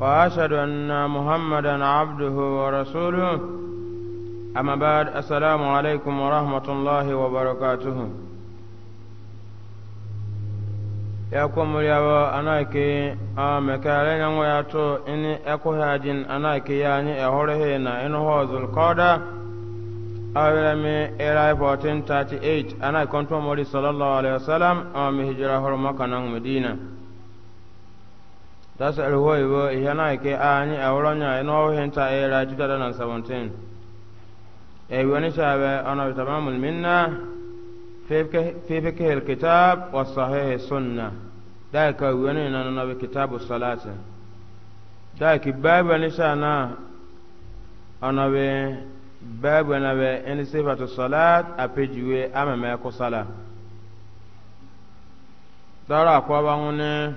وأشهد أن محمدا عبده ورسوله أما بعد السلام عليكم ورحمة الله وبركاته يقوم اليابا أنايكي آمكالين وياتو إني أكو هاجين أنايكي يعني أهورهينا إنه هو ذو القادة أولمي إلى 1438 أنا كنت مولي صلى الله عليه وسلم أمي هجرة هرمكة مدينة That's a way we a na ke anyi awronya no hinta era 2017. E wani shabe ana tamamul minna fi kitab alkitab sahih sunna. Da ka wani na kitabu salati. Da shana ana we na salat sala. Dara akwa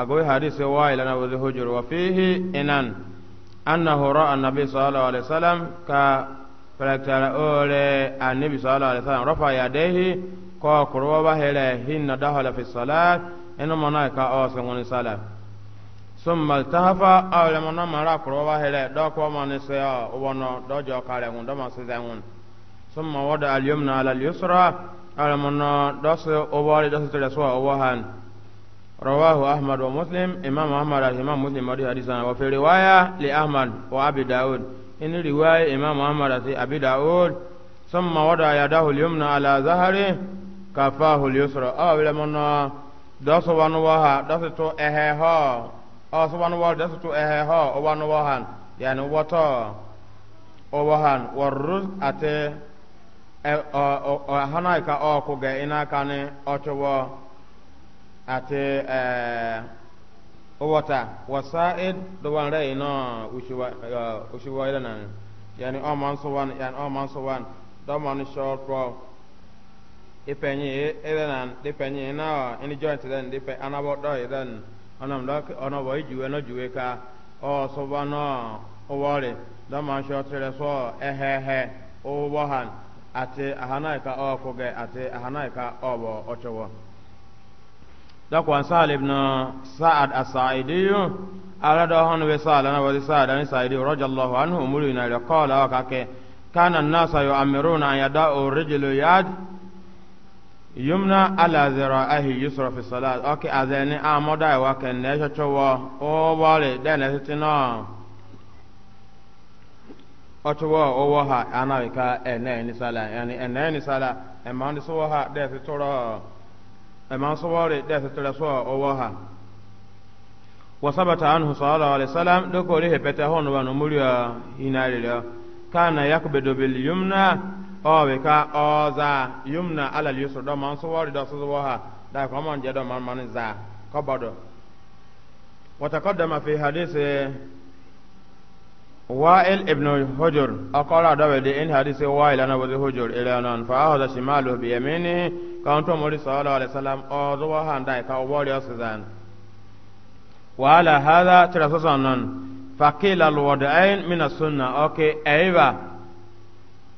agoy hadis wa'il ana wa zuhujur wa fihi inan annahu ra'a annabi sallallahu alaihi wasallam ka falaktara ole annabi sallallahu alaihi wasallam rafa yadayhi ko kurwa ba hele hinna dahala fi salat ina mana ka o sangon salat summa altahafa aw lam na mara kurwa ba hele do ko man se o wono do jo kare ngun do ma se zangun summa wada al yumna ala al yusra aw lam na do se o wali do se tele so o wahan رواه أحمد ومسلم إمام أحمد الإمام مسلم مريح حديثنا وفي رواية لأحمد وأبي داود إن رواية إمام أحمد أبي داود ثم وضع يده اليمنى على ظهره كفاه اليسرى أو لمن دس ونوها دس تو إهها أو سبحانه دس تو إهها ونوها يعني وطا ووهان والرزق أتي أهنايك أوكو جئنا كان أتوا ati owota e, wasa'id doban rai na ushiwa e, ila nan yani o so wan yani o so wan short pro ipenyi na any joint then dipe anabo do idan onam do ono juwe ka o so e, wan no o short re so ehehe o bohan ati ahanaika o ati ahanaika obo ochowo takwan sahal ibn sa'ad as-sa'idi ala do hon we sahal na wadi sa'ad an sa'idi radiyallahu anhu umuru ina ila qala wa kake kana an-nasa yu'amiruna an yada'u rijlu yad yumna ala zira'ahi yusra fi salat okay azani amoda wa kan ne chowo o wale dene tino otowo owo ha anawika ene ni sala yani ene ni sala e ma ndi so ha de toro أما صواري داس تلسوا أوها وثبت عنه صلى الله عليه وسلم دكو ليه بتهون ونموليا هنا كان يقبض باليمنى أو بكا أوزا يمنى على اليسر دوما صواري داس أوها دا كمان جدا من منزا قبض وتقدم في حديث وائل ابن حجر أقال داود إن حديث وائل أنا وذي حجر إلى أن فأخذ شماله بيمينه كان تمر صلى الله عليه وسلم أرضوا هنداي كأولي أسزان وعلى هذا ترسسنا فقيل الوضعين من السنة أوكي أيوة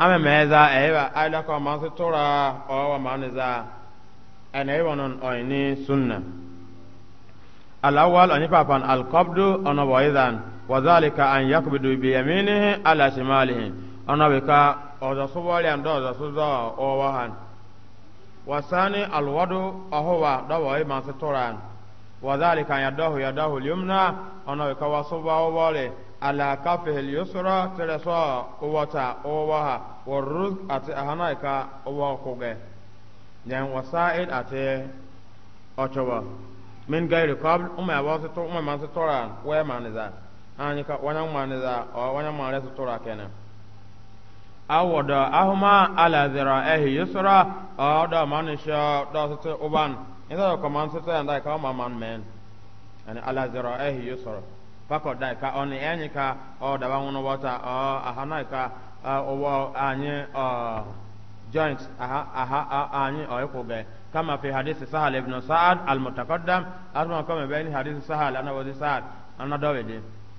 أما ماذا أيوة أيلا كما سترى أو مانزا أن أيوة أيني سنة الأول أن يفعل القبض أنا وإذن wazalika an yakbidu bi yaminihi ala shimalihi ana be ka oza sobole ando oza sozo o wahan wasani alwadu ahuwa dawa e man setoran wazalika yadahu yadahu lyumna ana be ka wasoba o wale ala kafihi lyusra tereso o wata o waha warruz ati ahana ka o kuge nyan wasaid ati ochoba min gairi qabl umma wasato umma man wa man zan ani ka wanyang mani za o wanyang mani su tura kenan awoda ahuma ala zira ehi yusra o da mani da su uban ita da kuma su yanda ka ma man men ani ala zira ehi yusra fako da ka oni enyi ka o da ba wani wata o ahana ka owo anyi o joint aha aha anyi o ikube kama fi hadisi sahal ibn sa'ad al-mutaqaddam asma kama bayni hadisi sahal ana sa'ad ana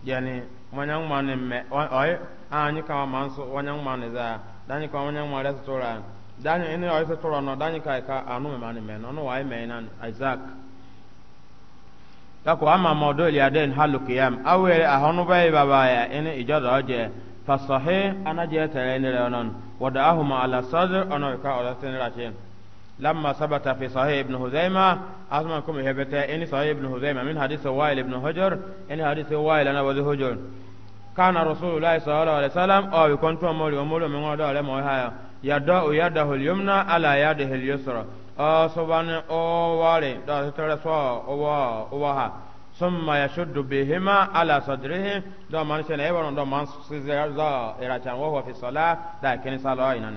yani wanyang mane me oy anyi ka manso wanyang mane za dani ka wanyang mane za tora dani ene oy tora no dani ka ka anu me mane me no no wai me nan isaac tako ama modol ya den halu qiyam awere ahonu bai baba ya ene ijada oje fasahe anaje tare ne leonon wadahuma ala sadr ono ka ola tenrachen لما ثبت في صحيح ابن هزيمة أسمع كم هبتا إن صحيح ابن هزيمة من حديث وائل ابن هجر إن حديث وائل أنا وذي هجر كان رسول الله صلى الله عليه وسلم أو يكون تمول أمول من غدا لما هيا يدعو يده اليمنى على يده اليسرى أو سبحان أو والي دا تترسوا أو أوها ثم يشد بهما على صدره دا من شنعي ورن دا من سيزير إراتان وهو في الصلاة دا كنسا لا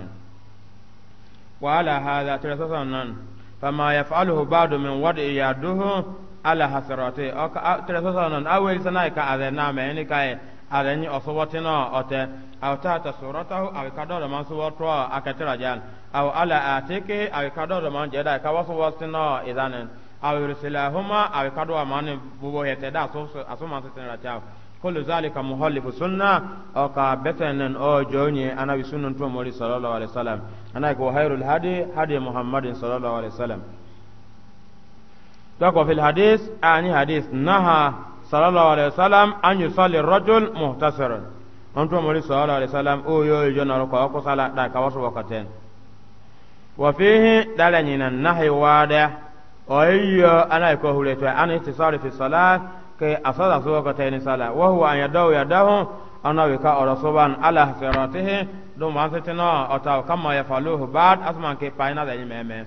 وعلى هذا ترسسا نان فما يفعله بعض من وضع يده على حسراته أو ترسسا نان أول سنة كأذن نعم يعني كأي أذن أصواتنا أتى أو تحت صورته أو كدر من صورته أكتر جان أو على آتيكه أو كدر من جدا كوصواتنا إذن أو يرسلهما أو كدر من بوهيته دا أصوما ستنرى كل ذلك مخالف السنه أو كابتن أو جوني أنا بسنة تومولي صلى الله عليه وسلم أنا كوهير الهدي هدي محمد صلى الله عليه وسلم تقوى في الحديث أني حديث نهى صلى الله عليه وسلم أن يصلي الرجل مختصرا أنتم مولي صلى الله عليه وسلم أو يو يجون ركوع كسالة دا كواس وقتين وفيه دلني النهي واده أو أيوه، أنا يكوه لتوى أن اتصال في الصلاة ke asada so ko tayni sala wa huwa an yadaw yadahu ana wi ka ora soban ala siratihi do ma tetina ata kama yafaluhu ba'd asman ke paina da yimeme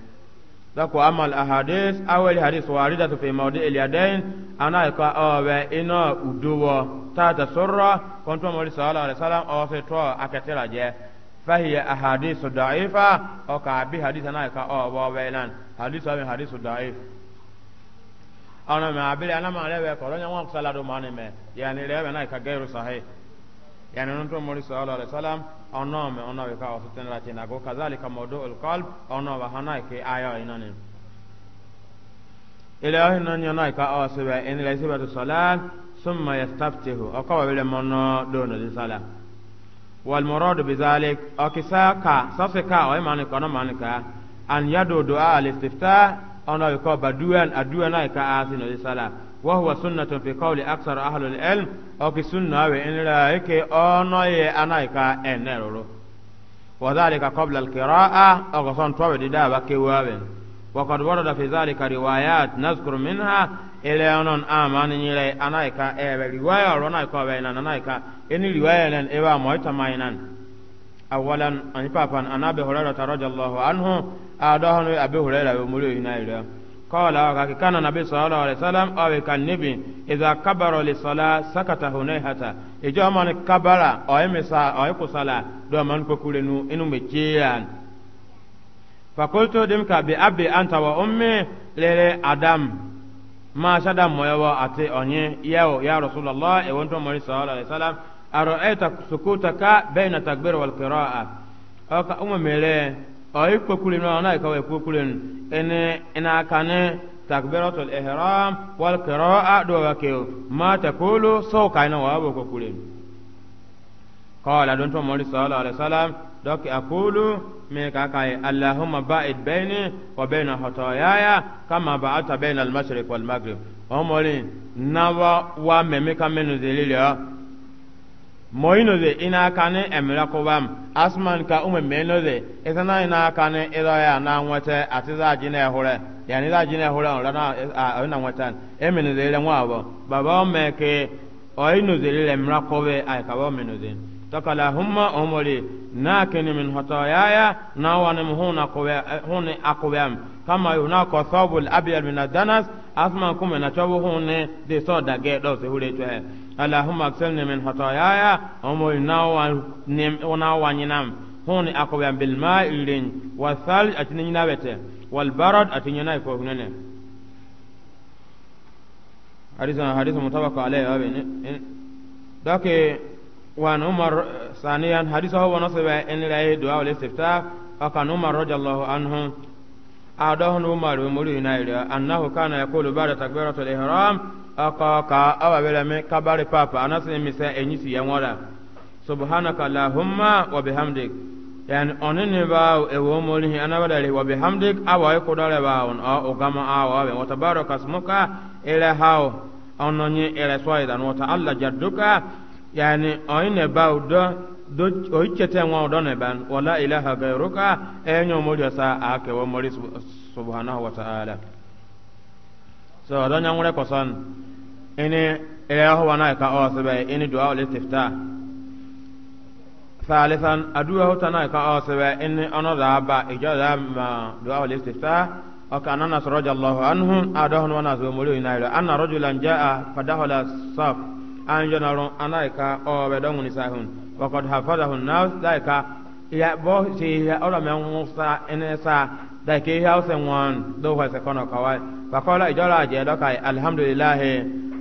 dako amal ahadith awali hadith warida fi mawdi al yadain ana ka awe ina uduwa ta ta surra kontu mawli sallallahu alaihi wasallam o se to akatira je fahiya ahadith da'ifa o ka bi hadith ana ka o wa wailan hadith wa hadith da'if ana ma abili ana ma lewe ko nya wa sala do mane me yani lewe na ka gairu sahih yani non to mori sallallahu alaihi wasallam ono me ono be ka o sutin la tin ago kazalika mawdu al qalb ono wa hana ke aya inani ilahi non nya na ka o sebe in la sebe to salat summa yastaftihu o ka wele mono do no di sala wal murad bi zalik o kisaka safika o imani kono manika an yadu du'a al istiftah أنا يقول بدوان أدوانا كآسين الصلاة وهو سنة في قول أكثر أهل العلم أو كسنة وإن رأيك أنا أنا كأنيرو وذلك قبل القراءة أو غصان طواب ددا وكيوابين وقد ورد في ذلك روايات نذكر منها إلى أن آمان إلى أنايكا إيه رواية أو أنايكا بينان أنايكا إن رواية لن إبا مويتا ماينان أولا أن بابا أن أبي هريرة رضي الله عنه أداه أبي هريرة ومولي هنا قال كان النبي صلى الله عليه وسلم أو كان النبي إذا كبر للصلاة سكت هنيهة إجا من كبر أو يمسا أو يقصلا دو من كوكولنو إنو مجيان فقلت دمك بأبي أنت وأمي للي أدم ما شدم ويوا أتي أني يا رسول الله إيه وانتم صلى الله عليه وسلم أرأيت سكوتك بين التكبير والقراءة أوك أم أيك أي كوكولين أنا كوي كوكولين إن إن كان تكبيرة الإحرام والقراءة دوكيو ما تقول سو إن وابو كوكولين قال دونتو مولى صلى الله عليه وسلم دوك أقول ميكا كاي اللهم باعد بيني وبين خطاياي كما بعدت بين المشرق والمغرب أمولين نوا ومميكا من ذليلها moyino de ina kane emira kobam asman ka ume meno de ina kane ya na nwete atiza ajina ehure yani za ajina ehure on rana ona na emene de ile nwaabo baba ome ke oyino de ile ka meno de humma min na wani huna kobe eh, huni akobam kama yuna ko sabul abiyal min adanas asman kuma na chobu huni de so dage do se hure to اللهم اغفرني من خطاياي ومول ناو ناو نينام هوني اكو بيان بالماء لين وصل اتني نابته والبرد اتني ناي فوغنن حديث حديث متفق عليه ابن داك وان عمر ثانيا حديث هو نصب ان لا دعاء الاستفتاء وكان عمر رضي الله عنه أعدهن عمر ومريه نايل أنه كان يقول بعد تكبيرة الإحرام aka ka awa bela me kabare papa anase misa enyisi ya ngora subhanaka allahumma wa bihamdik yani onene ba e wo moli anabadale wa bihamdik awa e kodale ba on o ogama awa wa tabaraka smuka ila hao ononye ila swaida no ta alla jadduka yani oyne ba do do oichete nwa odo ne ban wala ilaha gairuka enyo moli sa ake wo moli subhanahu wa ta'ala so don yan wure kosan ini ila yahu wana ka o sebe ini du'a ul istifta thalithan adu'a hota na ka o sebe ini ono da ba ijaza ma du'a ul istifta o ka anana radiyallahu anhu adahun wana zo muri ina ila anna rajulan ja'a fadahala saf an jona ron anaika o be don ni sahun wa qad hafadahu an-nas ya bo si ya ora me musa enesa da ke ya ose wan do wa se kono kawa fa kola ijola je do kai alhamdulillah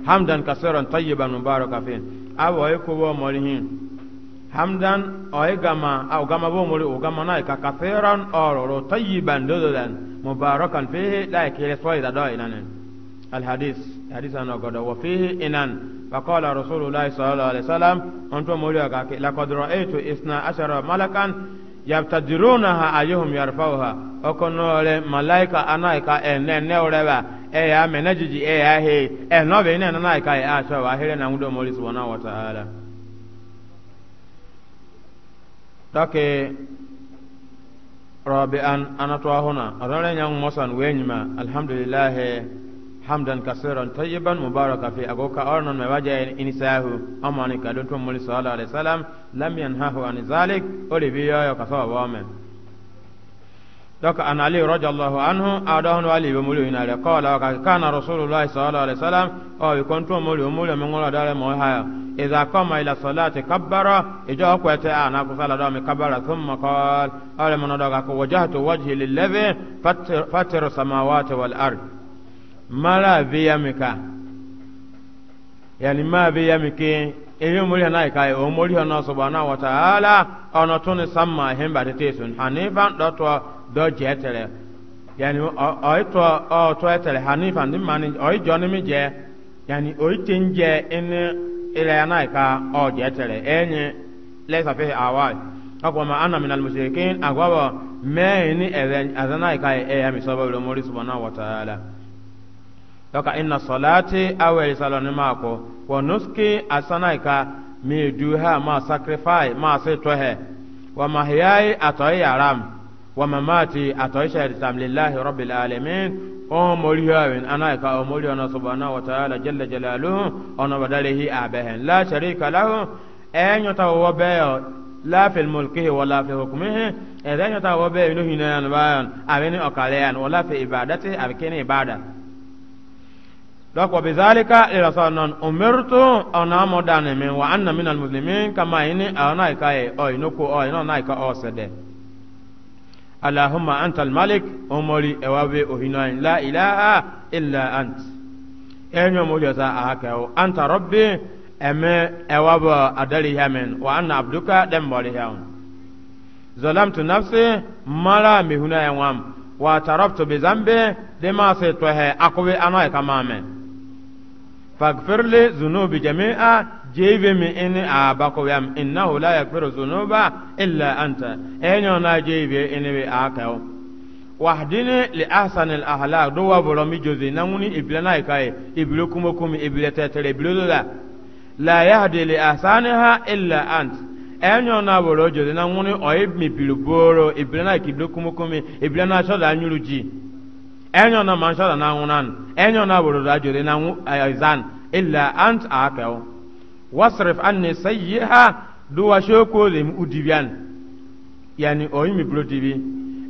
hamdan kasiran tayyiban mubaraka fin awo e ko bo morihin hamdan o e gama aw gama bo mori o gama na ka kasiran ororo tayyiban dodolan mubarakan fihi da ke le so da do inanen al hadis hadis an godo wa fihi inan فقال رسول الله صلى الله عليه وسلم أنتم موليك لقد رأيت إثنى عشر ملكا yabtadirunaha ayyuhum yarfauha okonole malaika anaika enene oleba eya menajiji eya he enobe ine nanaika e asha wa hele na ngudo moli subhanahu wa ta'ala take rabi'an anatwa huna adole nyang mosan wenyima alhamdulillah hamdan kasiran tayyiban mubaraka fi agoka ornon me waja inisahu amani kadon to muli sallallahu alaihi wasallam lam yanhahu an zalik oli biyo yo kasawa wame doka an ali radiyallahu anhu adahun wali be muli ina le qala ka kana rasulullah sallallahu alaihi wasallam o kon to muli muli me ngola dale mo haya idha qama ila salati kabbara ijo kwete ana kusala do me kabbara thumma qala ala monodoga ko wajhatu wajhi lilladhi fatara samawati wal ardh mara be ya mika yani ma be ya mike ehe muri na kai o ọ na subhana wa ta'ala ono samma hen ba hanifan do to do jetere yani o to o to etere hanifan mani o ni mi je yani o nje na ka o jetere enye lesa fe awai akwa ma ana min al mushrikin agwa me ni ezen azana kai e ya mi sababu muri wa ta'ala doka inna salati awel saloni mako wa nuski asanaika mi duha ma sacrifice ma se tohe wa mahyai atoy yaram wa mamati atoi sharitam lillahi rabbil alamin o mori hawin anaika o mori ona subhanahu wa ta'ala jalla jalaluhu ona badalehi abehen la sharika lahu enyo wo beyo la fil mulkihi wala fi hukmihi edanyota wo beyo no hinayan bayan abeni okaleyan wala fi ibadati abikene dɔk wa bizalika irasa non umirtu ana modan min wa anna min almuslimin kama ini ana ikaye o inoko o ina na ika o sede allahumma antal malik umuri ewabe ohinoin la ilaha illa ant enyo muri sa ahaka o anta rabbi eme ewabo adari hamen wa anna abduka dem bari hamen zalamtu nafsi mara mihuna yanwam wa tarabtu bi zambi de se tohe akobe ana ikama amen fagfirli zunubi jami'a jeibe mi ini a bako yam innahu la yakfiru zunuba illa anta enyo na jeibe ini bi a kayo wahdini li ahsani al ahlak do wa boro mi jozi nanguni ibile na ikaye ibile kumo kumi ibile tetere ibile dola la yahdi li ahsaniha illa anta enyo na boro jozi nanguni oyi mi bilu boro ibile na kumo kumi ibile na shoda anyuru enyo na manshara na ngunan enyo na buru da jure na eh, izan illa ant akaw wasrif anni sayyiha duwa shoko lim udibian yani oyimi protibi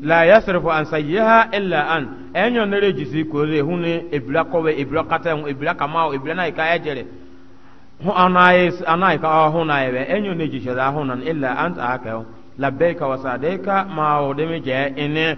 la yasrifu an sayyiha illa an enyo na rejisi ko hune ebira kowe ebira katan ebira kamao ebira na ika ejere hu anais anaika ahuna ebe enyo na jishara hunan illa ant akaw labbaika wa ma odemi je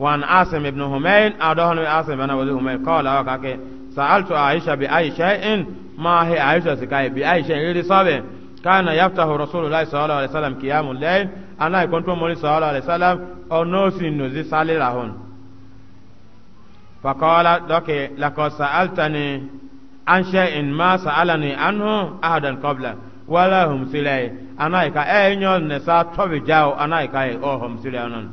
وعن عاصم بن همين أدهن عاصم بن أبو همين قال وكاك سألت عائشة بأي شيء ما هي عائشة سكاي بأي شيء غير صابي كان يفتح رسول الله صلى الله عليه وسلم قيام الليل أنا كنت مولي صلى الله عليه وسلم أو نوسي نوزي سالي لهن فقال دوكي لقد سألتني عن شيء ما سألني عنه أحدا قبل ولا هم سلي أنا إكا أي نسا توبي جاو أنا إكا أي أو هم سلي أنا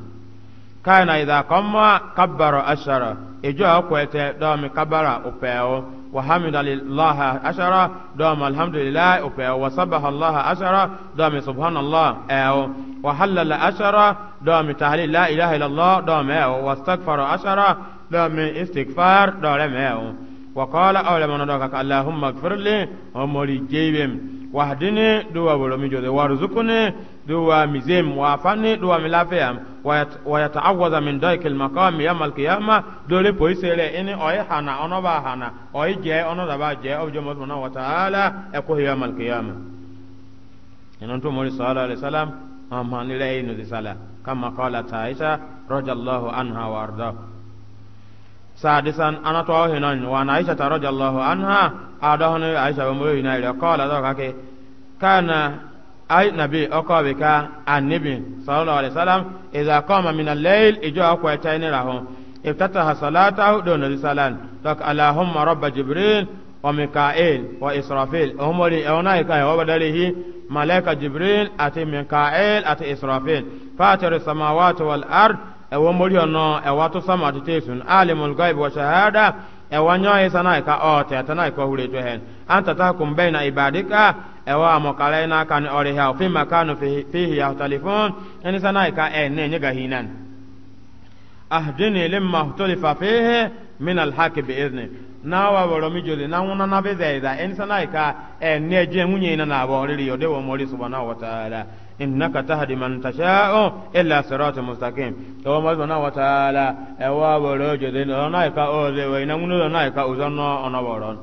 kana idha qama kabbara ashara ijo akwete domi kabara upeo wa hamida lillahi ashara domi alhamdulillah upeo wa sabaha allah ashara domi subhanallah eo wa halala ashara domi tahlil la ilaha illallah domi eo wa astaghfara ashara domi istighfar domi eo وقال أولا من ندوكك اللهم اغفر لي ومولي جيبم واهدني دوا بلومي جوزي وارزقني دوا مزيم وافني دوا ملافيام ويتعوذ من دايك المقام يوم القيامة دولي بويسي لي إني أي حانا أنا با حانا أوي جي أنا دبا جي أو جمع سبحانه وتعالى أكو يوم القيامة إن أنتم مولي صلى الله عليه وسلم أمان إليه نزي صلى كما قالت عائشة رضي الله عنها وأرضاه سادسا أنا توهنا وأن عائشة رضي الله عنها أدهن عائشة ومرينا إلى قال ذلك كان أي نبي أقابك النبي صلى الله عليه وسلم إذا قام من الليل إجوا أقويتين لهم افتتح صلاته دون رسالة لك اللهم رب جبريل وميكائيل وإسرافيل هم لي أونايك وبدله ملائكة جبريل أتي ميكائيل أتي إسرافيل فاتر السماوات والأرض ewo mori ono ewa to sama to tesun alimul ghaib wa shahada ewa nyoy sana ka o te tana ko hure to hen anta tahkum baina ibadika ewa amokalaina kan ori ha fi makanu fi fihi yahtalifun en sana ka en ne nyaga hinan ahdini limma ihtalifa fihi min alhaq bi idni nawa woro mi jole na wona na be zaida en sana ka en ne je na na bo riri yo de wo mori subhanahu wa ta'ala innaka tahdi man tasha'u illa siratal mustaqim to mo na wa taala e wa boro je de no na ka o de we na ngunu na ka o zono ono boron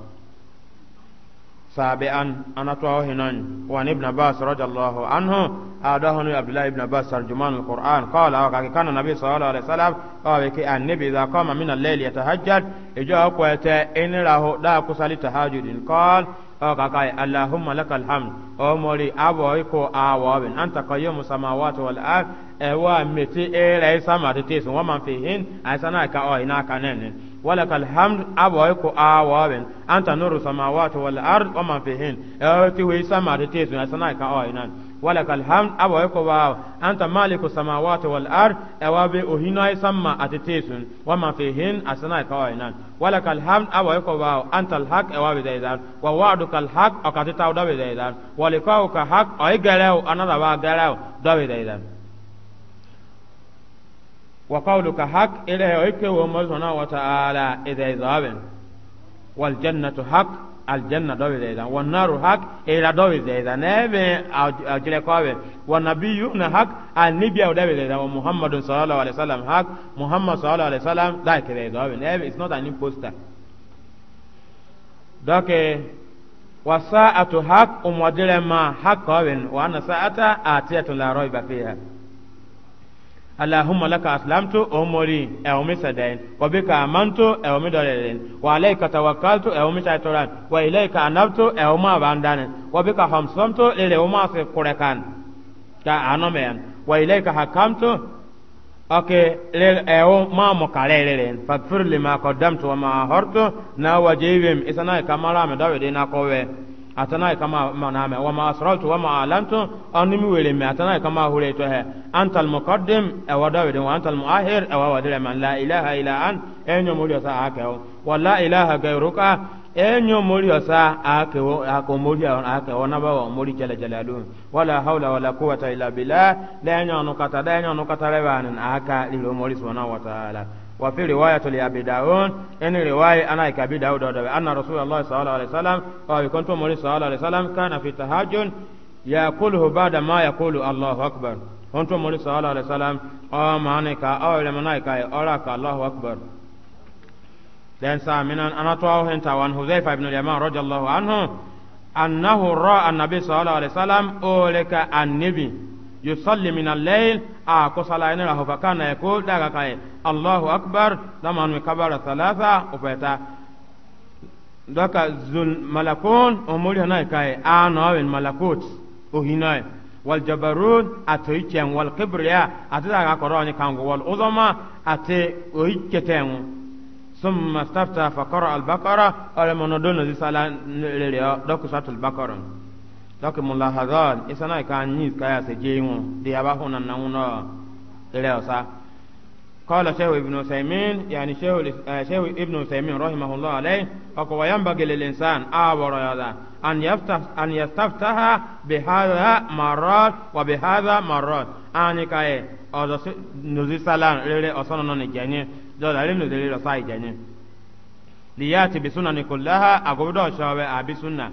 sabi'an anatwa hinan wa ibn abbas radiyallahu anhu adahunu abdullah ibn abbas tarjuman alquran qala wa kana nabi sallallahu alaihi wasallam qawa ki annabi idha qama min al-layl yatahajjad ija qawata in rahu da kusali tahajjudin qala ka kai allahumma lakal hamd o mori abo ko awo ben anta qayyum samawati wal ard e wa meti e re sama de tesu wa man fihin asana ka o ina kanen wala kal abo ko awo ben anta nuru samawati wal ard wa man fihin e ti we sama de tesu asana ka o ina ولك الحمد أبا يكوا أنت مالك السماوات والأرض أوابي أهينا يسمى أتتيسون وما فيهن أسنا كوينان ولك الحمد أبا يكوا أنت الحق أواب ديدان ووعدك الحق أكتتاو دبي ديدان ولقاؤك حق أي غلاو أنا دبا غلاو دبي ديدان وقولك حق إليه إكي مزنا وتعالى إذا إذابن والجنة حق aljanna dɔwi zɛ zan wa naru hak ira dɔwi zɛ zan ne bɛ a jire kɔbɛ wa nabi yuna hak al nibiya dɔwi zɛ zan wa muhammadu sallallahu alaihi wasallam hak muhammad sallallahu alaihi wasallam da kire dɔwi ne bɛ it's not an imposter dɔke wa sa'atu hak umwadire ma hak kɔbɛ wa ana sa'ata atiyatu la rɔiba fiha allahumma laka aslamtu o mori e o mi sadain wa bika amantu e o mi dolelen wa alayka tawakkaltu e o mi shaytoran wa ilayka anabtu e o ma bandane wa bika hamsamtu lele o ma se kurekan ta anomen wa ilayka hakamtu oke lel e o ma mo kalelelen fakfir lima qaddamtu wa ma hartu na wajibim isana kamara me dawide na kowe atana kama maname wa ma asraltu wa ma alantu animi wele me atana kama hure to he antal muqaddim e wada wede wa antal muahir e wa wadire man la ilaha illa an enyo muri sa akewo wa la ilaha gairuka enyo muri sa akewo ako muri akewo na ba wa muri jala jalalu wala haula wala quwwata illa billah la enyo no kata da enyo no kata rebanin aka lilo muri subhanahu wa ta'ala وفي رواية لأبي داود إن رواية أنا كأبي داود أن رسول الله صلى الله عليه وسلم أو كنت مولي صلى الله عليه وسلم كان في تهجد يقوله بعد ما يقول الله أكبر كنت مولي صلى الله عليه وسلم أو مانك أو لمنايك أولاك الله أكبر لأن سامنا أنا توهنت وأن حذيفة بن اليمان رضي الله عنه أنه رأى النبي صلى الله عليه وسلم أولك النبي yusalli min al-layl a ko sala ina rahu fa kana yaqul daga kai Allahu akbar lama nu kabara thalatha ufaita daka zul malakun umuri na kai ana wal malakut uhinai wal jabarun atoyken wal kibriya atidaga koroni kangu wal uzama ate oyketen ثم استفتح فقرأ البقرة ولم ندون ذي سلام لريا دكسات البقرة donc mulahazan isana ka nis ka ya sejeyu de aba hona na uno ile osa قال شيخ ابن عثيمين يعني شيخ شيخ ابن عثيمين رحمه الله عليه فقوا ينبغي للإنسان آور هذا أن يفتح أن يستفتح بهذا مرات وبهذا مرات أني كاي أو نزي سلام للي أصلا نجاني دولا لم نزي للي أصلا لياتي بسنة كلها أقول دو شاوي أبي سنة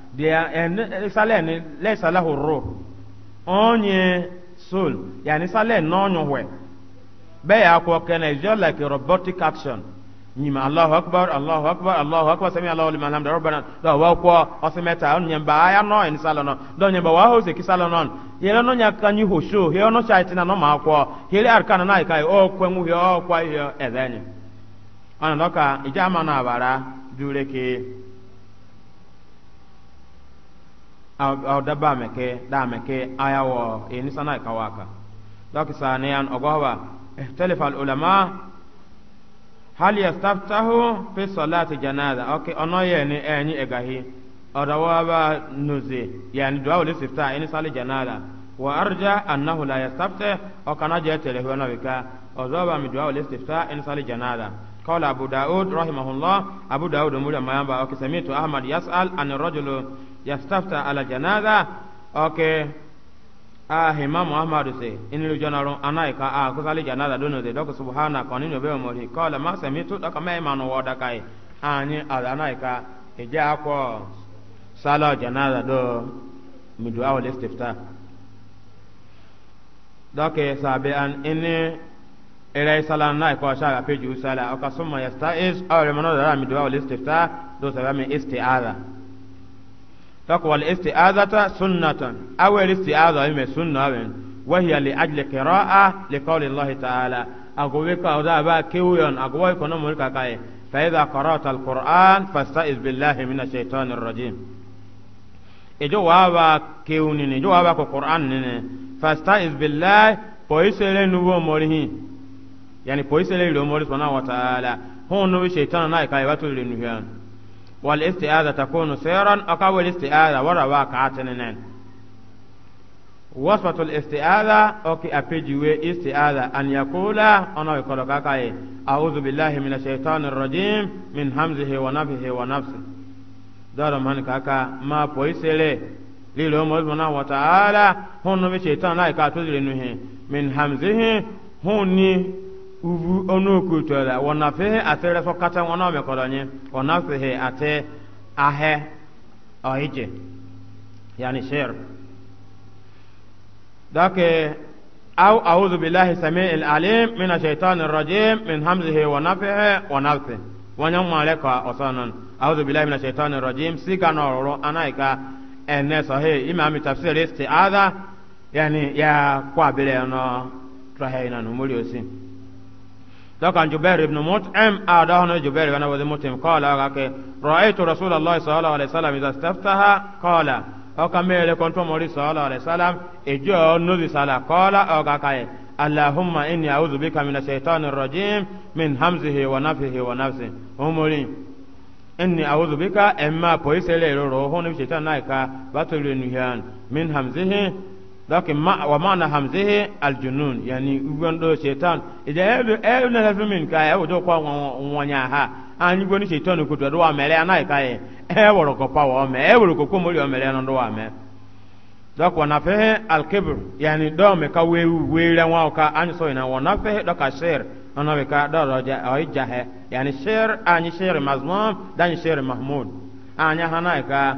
Eh, salen eh, lesalahu ruh onye soul yani salen na onye hwe be ya ko kene, is just like a robotic action nyima allahu akbar allahu akbar allahu akbar sami allahu liman hamda rabbana do wa ko osimeta onye ba aya no en salono do nye ba wa ho se no nya he no na no ma arkana na kai o he o kwa ana doka na bara aw dabba me ke da me ke aya wo e ni sana ka waka dok sane an ogowa eh, ihtalafa al ulama hal yastaftahu fi salati janaza okay ono ye ni enyi eh, egahi odawa ba nuze yani du'a wal istifta ni sali janaza wa arja annahu la yastaftah o kana je tele hono bika odawa mi du'a wal istifta ni sali janaza قال أبو داود رحمه الله أبو داود مولى ما ينبع أكسميت أحمد يسأل عن الرجل yastafta ala janaza oke a hima muhammadu se inilu jonaron anai ka a kusali janaza dono de doko subhana koninu be mori kala ma samitu doko mai manu woda kai ani anai ka ija ko sala janaza do midu awal istifta doke sabe an inni ilai sala nai ko sha pe ju sala o ka summa yastaiz awal manu da midu awal istifta do sabe mi isti'aza تقوى الاستعاذة سنة أو الاستعاذة إما سنة وهي لأجل قراءة لقول الله تعالى أقويك أو ذا كيويون أقويك نمولك كاي فإذا قرأت القرآن فاستعذ بالله من الشيطان الرجيم إجو وابا كيونيني إجو وابا قرآن نيني فاستعذ بالله بويسلي نبو موريه يعني بويسلي نبو موريه سبحانه وتعالى هون نبو الشيطان نايكاي يباتو لنهيان والاستعاذة تكون سيرا أقوى الاستعاذة وروا كاتنين وصفة الاستعاذة أوكي أبيجي استعاذة أن يقول أنا يقول كاكاي أعوذ بالله من الشيطان الرجيم من همزه ونفه ونفسه دار من كاكا ما بويسلي لله مزمنا وتعالى هون من الشيطان لا يكاتوز لنه من همزه هوني uvu onu kutola wana fihi atere so kata wana me kolonye wana fihi ate ahe oije yani shir dake au a'udhu billahi samii'il alim min ash-shaytanir rajim min hamzihi wa nafihi wa nafthihi wanya maleka osanan a'udhu billahi minash shaitanir rajim sika nororo anaika ene sahi imam tafsir isti'adha yani ya kwa bile no trahe na numuri osim دكان جبير بن مطعم أدهن جبير بن أبو مطعم قال أغاك رأيت رسول الله صلى الله عليه وسلم إذا استفتح قال أكمل كنت مولي صلى الله عليه وسلم إجو نذي صلى قال أغاك اللهم إني أعوذ بك من الشيطان الرجيم من همزه ونفه ونفسه أمولي inni a'udhu bika emma poisele roro hono shaitan naika batulu nuhian min hamzihi donc ma wa mana hamzihi aljunun yani ugondo shaitan ida ebu ebu na lafi min ka e wodo kwa wonya ha anyi goni shaitan ko to do amele anai ka e e woro ko pa wo me e woro ko ko mori amele no do ame donc wa nafe alkibr yani do me ka wewu were wa ka anyi so ina wa nafe do ka shir ana be ka do do ja ay jahe yani shir anyi shir mazmum dan shir mahmud anya hanai ka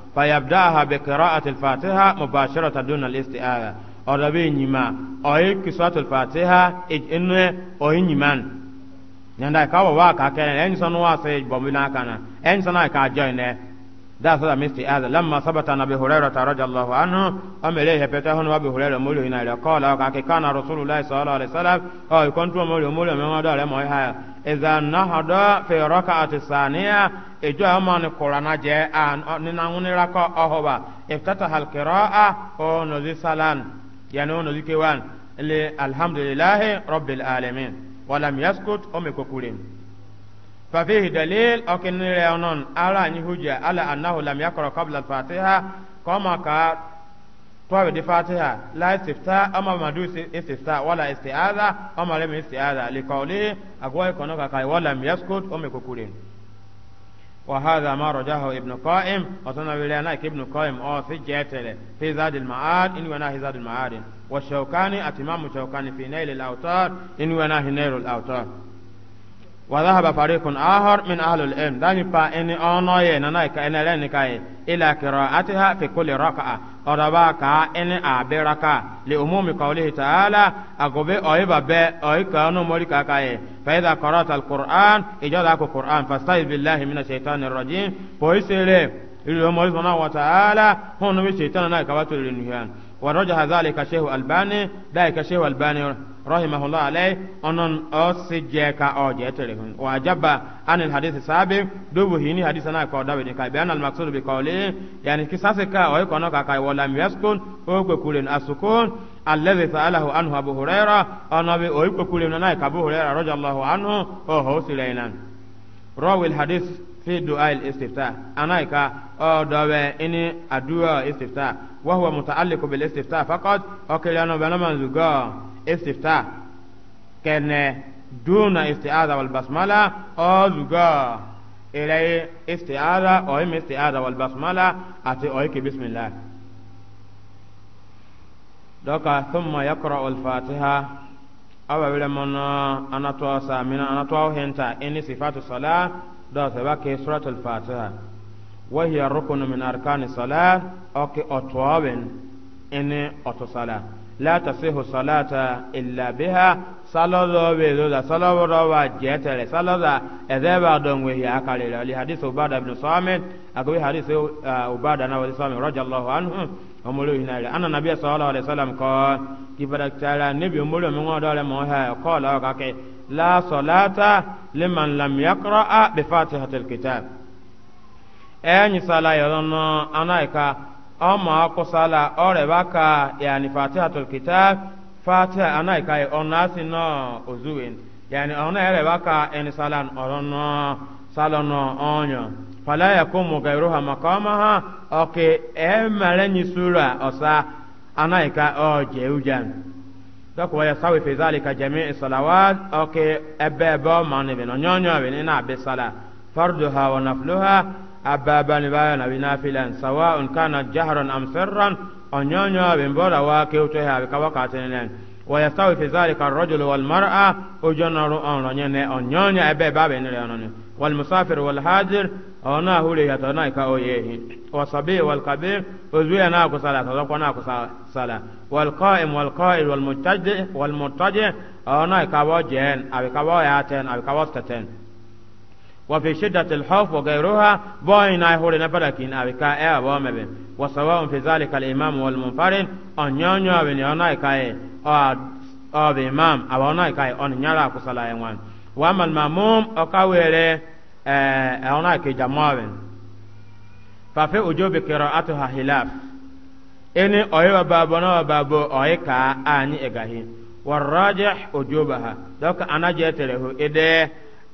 فيبدأها بقراءة الفاتحة مباشرة دون الاستعاذة أربي نما أي كسوة الفاتحة إجئن أي نمان yanda ka wa waka kana en sanu wa sai bombina kana en sanu ka join ne da sada misti ada lamma sabata nabi hurairah radhiyallahu anhu amele he peta hono abi hurairah mulu ina ila qala ka kana rasulullah sallallahu alaihi wasallam o kontu mulu mulu me ma da le mo ha إذا نهض في ركعة الثانية إجوا من قرآن جاء ننعون ركعة أهوبا افتتح القراءة أو نزي سلام يعني نزي كيوان الحمد لله رب العالمين ولم يسكت أم كوكولين ففيه دليل أكن ريانون على أنه على أنه لم يقرأ قبل الفاتحة كما قال tuwabe di fatiha la istifta ama madu istifta wala isti'adha ama lemi isti'adha liqawli agwa kono ka kai wala miyaskut o me kokure wa hadha ma rajahu ibn qaim wa sana wala na ibn qaim o fi jetele fi zad al ma'ad in wana zad al ma'ad wa shawkani atimamu shawkani fi nail al awtar in wana nail وذهب فريق آخر من أهل العلم داني با إني أونوي نانايك إني لينكاي إلى قراءتها في كل ركعة أرباكا إني أبي ركعة لأموم قوله تعالى أقبي أيبا بي أيكا نمولكا كاي فإذا قرأت القرآن إجادك القرآن فاستعذ بالله من الشيطان الرجيم فويسيلي إلى أمور سبحانه وتعالى هون الشيطان نايكا باتو لنهيان ورجح ذلك شيخ الباني ذلك شيخ الباني rahimahullah alayhi onon o si je ka o je tere hun wa jabba anil hadith sabi dubu hini hadith na ko dawe ni ka bi anal maqsud bi qawli yani kisase ka o ko no ka ka wala mi yaskun o ko kulen asukun alladhi sa'alahu anhu abu huraira ona bi o ko kulen na ka abu hurairah radiyallahu anhu o ho silainan rawi al hadith في دعاء الاستفتاء أنايكا أو دواء إني أدعاء استفتاء وهو متعلق بالاستفتاء فقط أوكي لأنه بنما زقا istifta kene duna isti'aza wal basmala azuga ilay isti'aza o im isti'aza wal basmala ati o ke bismillah doka thumma yaqra al fatiha awa wile mono anatoa samina anatoa henta ini sifatu sala do sebake surat al fatiha wa hiya rukunu min arkani sala o ke otwawen ini otosala لا تصح صلاه الا بها صلوا بذلك صلوا روا جتل صلوا اذا بعد وهي اكل الحديث عباده بن صامت اكو حديث آه، عباده نو صامت رضي الله عنه ومولوي هنا ان النبي صلى الله عليه وسلم قال كبر تعالى نبي مولى من قال ما قال لا صلاه لمن لم يقرا بفاتحه الكتاب اي صلاه يظن انا ama akosala ore baka yani fatihatul kitab fatiha anai kai onasi no ozuwen yani ona ere baka en salan orono salono onyo fala yakumu gairuha makamaha oke emare ni sura osa anai ka oje ujan dɔk wa yasawi fi dhalika jamii salawat oke ebe ebe o mani bin onyonyo bin ina bi sala farduha wa nafluha ababani bayo na binafilan sawa'un kana jahran am sirran onyonyo bimbora wake utohe abikawa katenenen wayastawi fi dhalika arrajulu walmar'a ujonoru onronyene onyonya ebe babe nile onone والمسافر والهاجر أنا هو لي أتنا كأويه وصبي والكبير وزوي أنا كسالة تذوق أنا كسالة والقائم والقائل والمتجه والمتجه أنا كواجين أبي كواجاتين أبي كواستتين وفي شدة الخوف وغيرها بوين أيهور نبلكين أو كائع ومبين وسواء في ذلك الإمام والمنفرد أن ينيو بن يوناي كائع أو بإمام أو يوناي كائع أن ينيو كسلا يوان وأما المأموم أكاويري أوناي كجماوين ففي وجوب قراءتها خلاف إني أيوة بابنا وبابو أيكا أني إجاهين والراجح وجوبها دوك أنا جيت له إده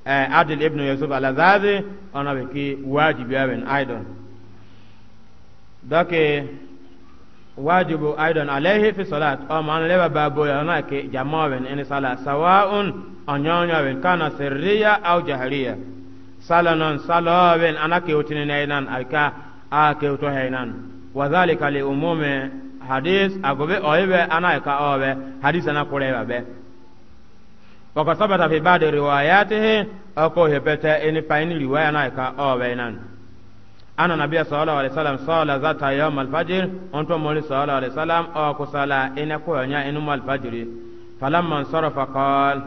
Eh, adil ibn yusuf alazazi ona be ki wajibi awen aidan dake wajibu aidan alayhi fi salat o man leba babo ya ona ke jamawen en sala sawaun onyonya wen kana sirriya au jahriya sala non sala wen anake utini nainan alka ake uto hainan wa dhalika li umumi hadis agobe oibe anayka obe hadis anakureba وقد ثبت في بعض رواياته أكو هبتا إن فإن رواية نايكا أو بينان أنا نبي صلى الله عليه وسلم صلى ذات يوم الفجر أنت مولي صلى الله عليه وسلم أو كسالة إن كونيا إنما الفجر فلما انصرف قال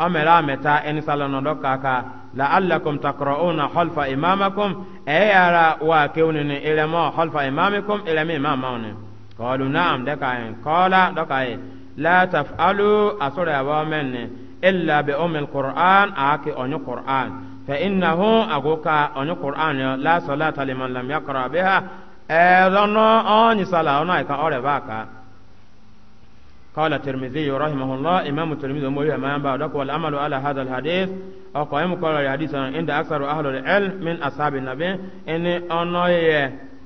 أمرا متى إن صلى الله لعلكم تقرؤون خلف إمامكم أي أرى واكون إلى ما خلف إمامكم إلى ما إمامون قالوا نعم دكاين قال دكاين لا تفعلوا أسرع ومن إلا بأم القرآن أكي أني قرآن فإنه أقوكا أني قرآن لا صلاة لمن لم يقرأ بها أذن أني صلاة أنايك أرباكا قال الترمذي رحمه الله إمام الترمذي مولى ما ينبع دك والعمل على هذا الحديث أقوم قال الحديث عند أكثر أهل العلم من أصحاب النبي إني أنه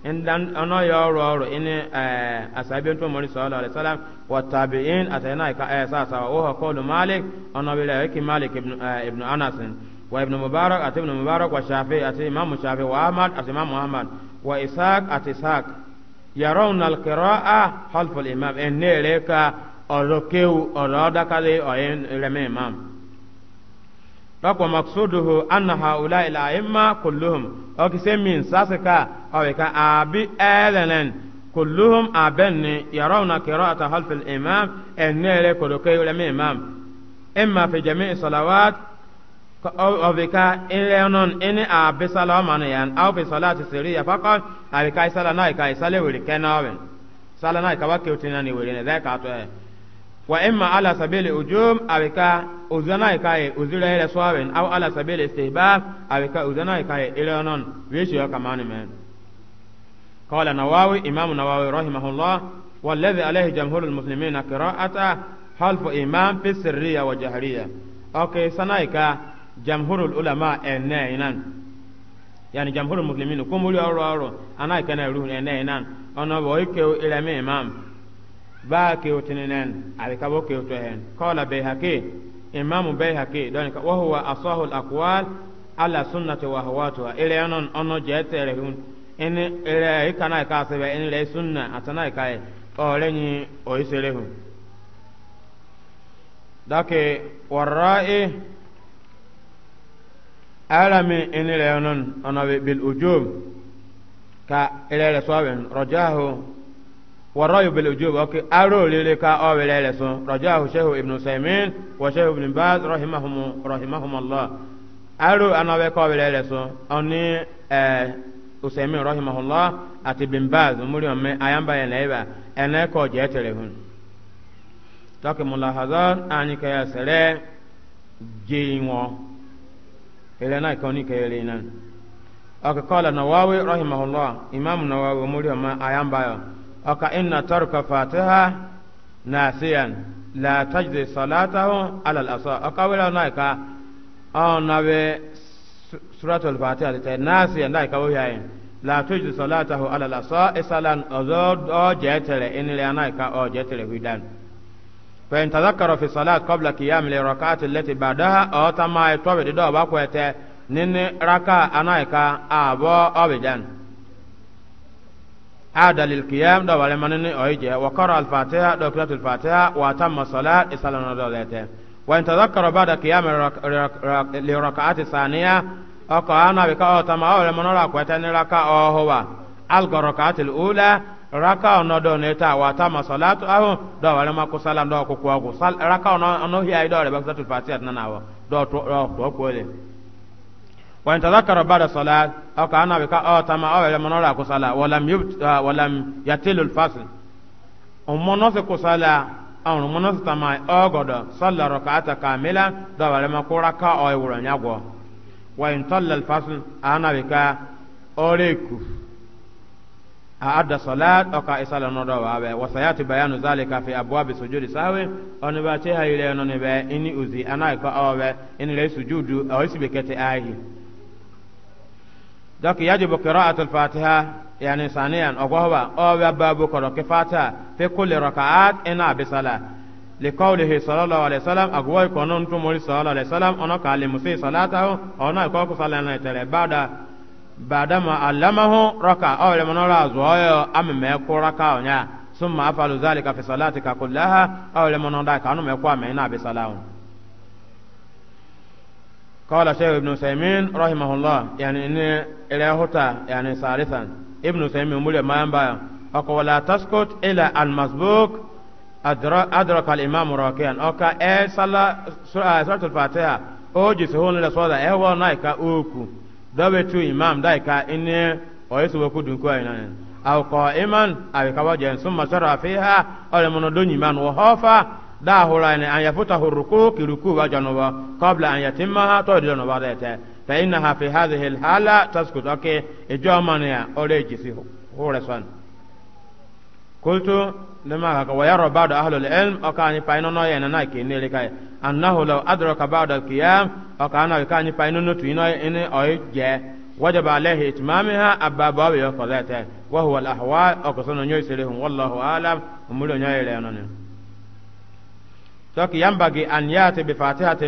ọ̀nà yọ ọrọ̀ ọrọ̀ ẹni àṣàbí tó mọ̀rí sọ́ọ́lọ́ rẹ̀ sọ́lá wọ̀tàbí in àtẹ̀yìn náà ẹ̀ sàṣà ó hàn kọ́ọ̀lù malik ọ̀nà bí rẹ̀ ẹ̀kí malik uh, ibn anasin wa ibn mubarak àti ibn mubarak wa shafi àti imam shafi wa ahmad àti imam muhammad wa isaac àti isaac yàrá òun a hàlfọ̀l imam ẹ̀ ní ka ọ̀rọ̀ kéwù ọ̀rọ̀ dákàlẹ̀ imam. lọ́kọ̀ maksuduhu anna haula ilà ima kulluhum ọkì sẹ́mi sásìkà أويكا أبي آذنن كلهم أبن يرون قراءة خلف الإمام أن النيل كلوكي ولم إمام إما في جميع الصلوات أويكا إلينون إني أبي صلاة سلامانيان أو في صلاة سرية فقط أويكا يسالا نايكا يسالي ولكن أوين صلاة نايكا وكي وتناني ولين ذاك أتوه وإما على سبيل الأجوم أويكا أوزناي كاي أوزيلا إلى صوابين أو على سبيل الاستهباب أويكا أوزناي كاي إلينون ويشيو كمان من قال نواوي إمام نواوي رحمه الله والذي عليه جمهور المسلمين قراءة حلف إمام في السرية وجهرية أوكي سنايكا جمهور العلماء إنينا يعني جمهور المسلمين كم ولي أورو أورو أنا كنا يروح إنينا أنا بويكيو إلى مي إمام باكيو تنينين على كبوكيو تهين قال بيهكي إمام بيهكي دونك وهو أصح الأقوال على سنة وهواتها إلى أن أنو جاءت إليهم in ire kana ka sebe in ire sunna atana kai e. ore ni o isere hu dake warai alami in ire non bil ujub ka ire le rojahu. rajahu warai bil ujub oke aro lele ka o ire le so rajahu shehu ibn saimin wa shehu ibn baz rahimahum rahimahum allah aro ana we ka o ire le so oni eh, usaimin rahimahullah ati bin baz muri ome ayamba ya naiba ene ko je tere hun taki mulahazan ani ka ya sere jeinwo ele na ikoni ka ele na aka kala nawawi rahimahullah imam nawawi muri ome ayamba ya aka inna tarka fatiha nasiyan la tajzi salatahu ala al-asa aka wala naika on nawe suratul fatiha ta nasi yanda ka wuya yin la tujidu salatahu ala la sa isalan ozo o jetere in le ana ka o jetere hudan fa in tadhakkara fi salat qabla qiyam li rak'ati allati ba'daha o tama e tobe do ba ko ete nini raka ana ka abo obidan ada lil qiyam do wale manini o وإن تذكر بعد قيام لركعة ثانية أقعنا بك أو تما أو لمن ركعتين ركع أو هو ألقى ركعة الأولى ركع ندو نتا وتم صلاة أو دو لما كسلا دو كوكو ركع نو هي أيدو لبكسة الفاتحة نناو دو تو كولي وإن تذكر بعد صلاة أقعنا بك أو تما أو لمن ركع صلاة ولم يبت ولم يتل الفصل أمنا في كسلا awon mono sama ogodo salla rak'ata kamila do wala ma kura ka o wuro nyago wa in talla al fasl ana bika oreku a adda salat o ka isala no do wa be wa sayati bayanu zalika fi abwab sujudi sahwi on ba te hayre no ne sujudu o isibekete ahi dak yajibu qira'atu al fatiha yani saniyan ogohba owa babu koro kifata fi kulli raka'at ina bisala li qawlihi sallallahu alaihi wasallam agwa ko non to mori sallallahu alaihi wasallam ona ka li musi salatahu ona ko ko salana tere bada bada ma allamahu raka aw le monora zoyo am me ko raka onya summa afalu zalika fi salatika kullaha aw le mononda me ko me ina bisalahu قال شيخ ابن سيمين رحمه الله يعني إن إلى هتا يعني ثالثا ibnu sami umule mayamba, oko wala taskut ila al adra adraka al imam rakian oka e sala sura fatiha o ji sohon la soda e wa naika oku dawe tu imam daika ine o yesu woku dun ko ina aw qa'iman aw kawajan summa shara fiha aw man dun iman wa hafa da hurani an yafutahu ruku kiruku wa januba qabla an yatimma to dilano ba da ta فإنها في هذه الحالة تسكت أوكي إجوامنا أوليجي في هورسان قلت لما ويرى بعض أهل العلم أكان فإننا ينناكي نلك أنه لو أدرك بعض القيام أكان كان فإننا تينا إن أويجي وجب عليه إتمامها أبا بابي وقضاته وهو الأحوال أقصنا نيسرهم والله أعلم ومولو نيسرهم دوك ينبغي أن يأتي بفاتحة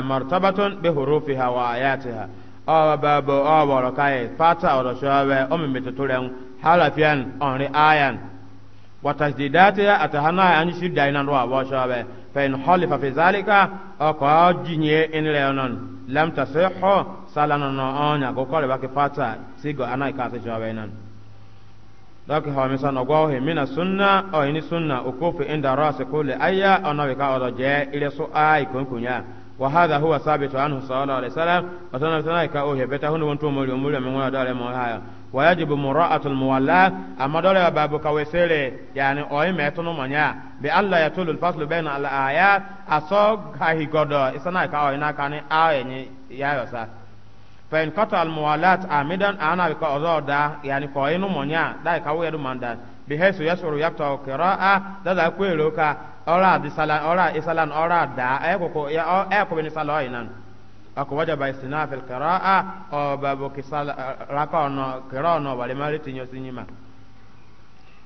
مرتبة بحروفها وآياتها أو باب أو وركاية أو ورشوة أم متتولين حالفيا أنري آيا وتجديداتها أتهنى أن يشد دينان وشوة فإن حلف في ذلك أقا جيني إن ليونان لم تصح سالنا نعاني أقول لك فاتحة سيقو أنا إكاسي شوة dɔki hɔmisa nɔgɔw he mina sunna ɔ ini sunna o ko fi inda rɔsi ko le aya ɔnɔ bi ka ɔdɔ jɛ ire so ayi kunkunya wa hada huwa sabitu anhu sallallahu alaihi wasallam wa tana tana ka o he beta hundu wonto mo yo mulo mo da le mo haya wa yajibu mura'atul muwalla amma dole babu ka wesele yani o yi meto no manya bi alla yatulu al faslu baina al ayat aso ka hi godo isana ka o ina ka ni ayenye ya yosa fɛn kɔtɔ almuwalat amidan ana bi ka ɔzɔ da yani e kɔ inu mɔnya da ka wo yɛdu mandan bi hɛsu yasuru yaptɔ kɛrɔ a da da ko ero ka ɔra disalan ɔra isalan ɔra da ɛ ko ko ya ɛ e ko bini salɔ yi nan ako waja ba istina fil raka ɔnɔ kɛrɔ ɔnɔ wale mari ti nyɔsi nyima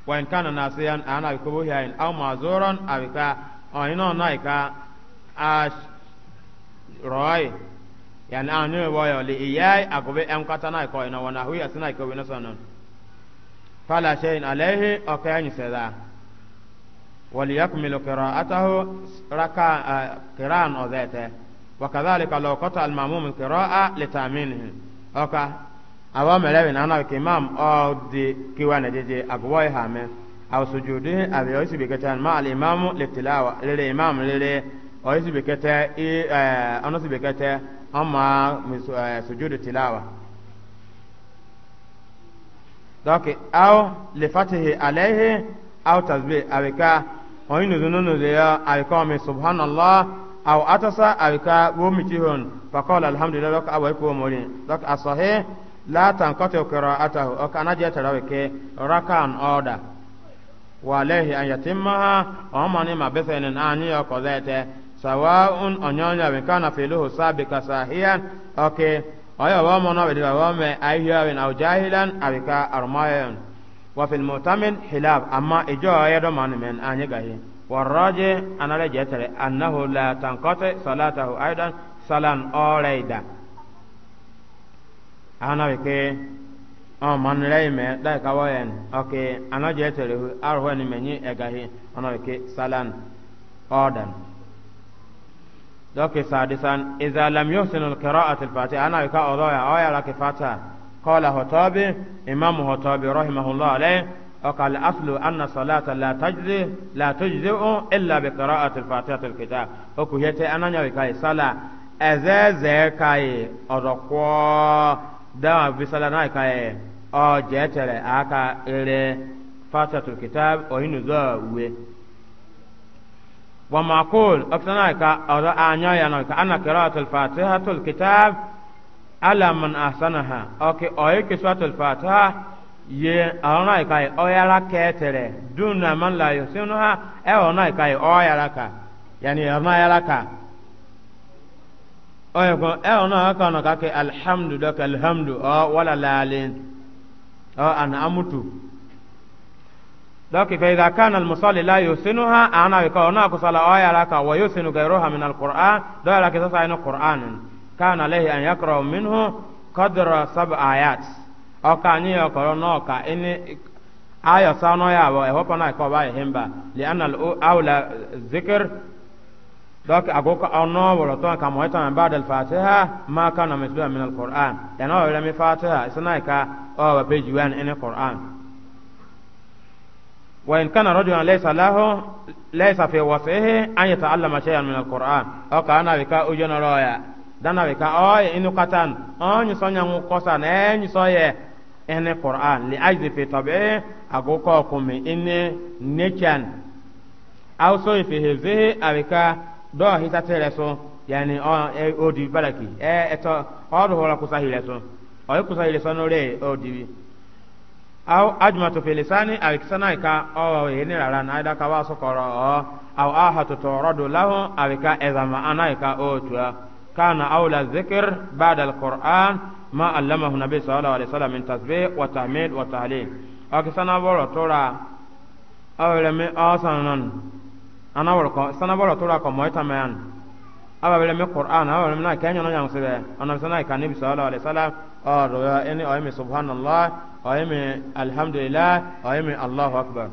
wɛn ana bi kobo yayin aw ma zoron a bi ka ɔ yani anu boyo li iyai agobe en katana ko ina wana hu yasina ko bina sanan fala shay'in alayhi o kayan sada wal yakmil qira'atahu raka eh, qiran o zata wa kadhalika law qata al ma'mum qira'a li ta'minihi oka awa melewe na na ke imam o de kiwana deje agwoy hame aw sujudi abi o sibi katan ma al imam li tilawa lil imam lil o sibi kata e eh, ono sibi kata amma sujudu tilawa donc aw li fatihi alayhi aw tasbih awika oyin nuzunu nuzeya awika omi subhanallah aw atasa awika gomi tihon fakol alhamdulillah lok awai ko mori donc asahi la tanqati qira'atahu o kana je tarawike rakan order wa alayhi an yatimmaha o mani mabethenen ani o kozete sawaun onyonya bin kana filuhu sabika sahiyan okay aya wa mona bi da wa me ayya bin au jahilan abika armayan wa fil mutamin hilab amma ijo ya do man men anya gahi waraje anale jetere annahu la tanqati salatahu aidan salan oraida ana ke ọ man rai me da ka wayan okay anaje tere ni menyi egahi ana ke salan ordan دوك سادسا إذا لم يحسن القراءة الفاتحة أنا يكا أضايا أويا لك فاتحة قال هطابي إمام هطابي رحمه الله عليه وقال أصل أن الصلاة لا تجزي لا تجزئ إلا بقراءة الفاتحة الكتاب أكو يتي أنا يكا صلاة أزازي كاي أدقوا دا بصلاة كاي أجتري أكا إلي فاتحة الكتاب وهي نزاوي ومعقول أكثر أيكا أنيا ينويكا أن قراءة الفاتحة الكتاب على من أحسنها أوكي أيكي سورة الفاتحة ye ọ̀nà ìka yìí ọ̀yára kẹ́tẹ̀rẹ̀ dùn náà máa ń la yòó sínú ha ẹ̀ ọ̀nà ìka yìí ọ̀yára kà yàní ọ̀nà yàrá kà ọ̀yẹ̀ kan ẹ̀ ọ̀nà ọ̀kà ọ̀nà kàkẹ́ alihamudu dọ́kẹ́ alihamudu ọ̀ wàlàlàlẹ́ ọ̀ àná amútu. دوكي فإذا كان المصلي لا يسنها أنا يكون هناك صلاة آية لك ويسن غيرها من القرآن دوكي لك تسعين قرآن كان عليه أن يقرأ منه قدر سبع آيات أو كان يقرأ نوكا إن آية سانو يا أبو إهوبا نايكو باي همبا لأن الأولى الذكر دوكي أقوك أنو ولطوان كمهيطا من بعد الفاتحة ما كان مسبوع من القرآن لأنه يعني لم يفاتحة إسنايكا أو بيجوان إن القرآن وإن كان رجلا ليس له ليس في وسعه أن يتعلم شيئا من القرآن أو كان بك أجن رايا دنا بك أي إنه قتان أن يصنع مقصان أن يصنع إن القرآن لأجل في طبعه أقوكم إن نيشان أو سوي في هزه أبك دو هيتا تلسو يعني أو أودي بلكي أه أتو أو هو لا كسهيلسو أو كسهيلسو نوري أودي aw ajmatu fi lisani aliksanai ka awa yeni rara na ida ka wa sokoro o aw ahatu torodu lahu alika ezama anai ka otua kana awla zikr ba'da alquran ma allamahu nabi sallallahu alaihi wasallam min tasbih wa tahmid wa tahlil akisana boro tora awle mi asanan ana wor ko sana boro tora ko moita mayan awle mi qur'an awle mi na kenya no yang sebe ana sanai nabi sallallahu alaihi wasallam ọ̀rọ̀ ẹni ọ̀yẹ́mi subhanallah ọ̀yẹ́mi alhamdulillah ọ̀yẹ́mi allahu akbar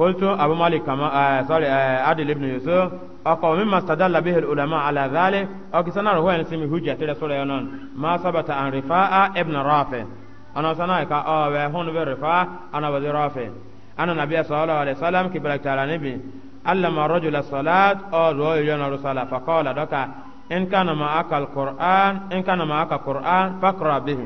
قلت أبو مالك كما آه سوري آه عادل بن يوسف أقوى مما استدل به العلماء على ذلك أو كسنا هو نسمي هجة تلك سورة يونان ما ثبت عن رفاعة ابن رافع أنا سنا كا أو آه، هون برفاعة أنا وزير رافع أنا النبي صلى الله عليه وسلم كبرت على نبي علم الرجل الصلاة أو آه، رؤيا الرسالة فقال دكا إن كان معك القرآن إن كان معك القرآن فقرأ به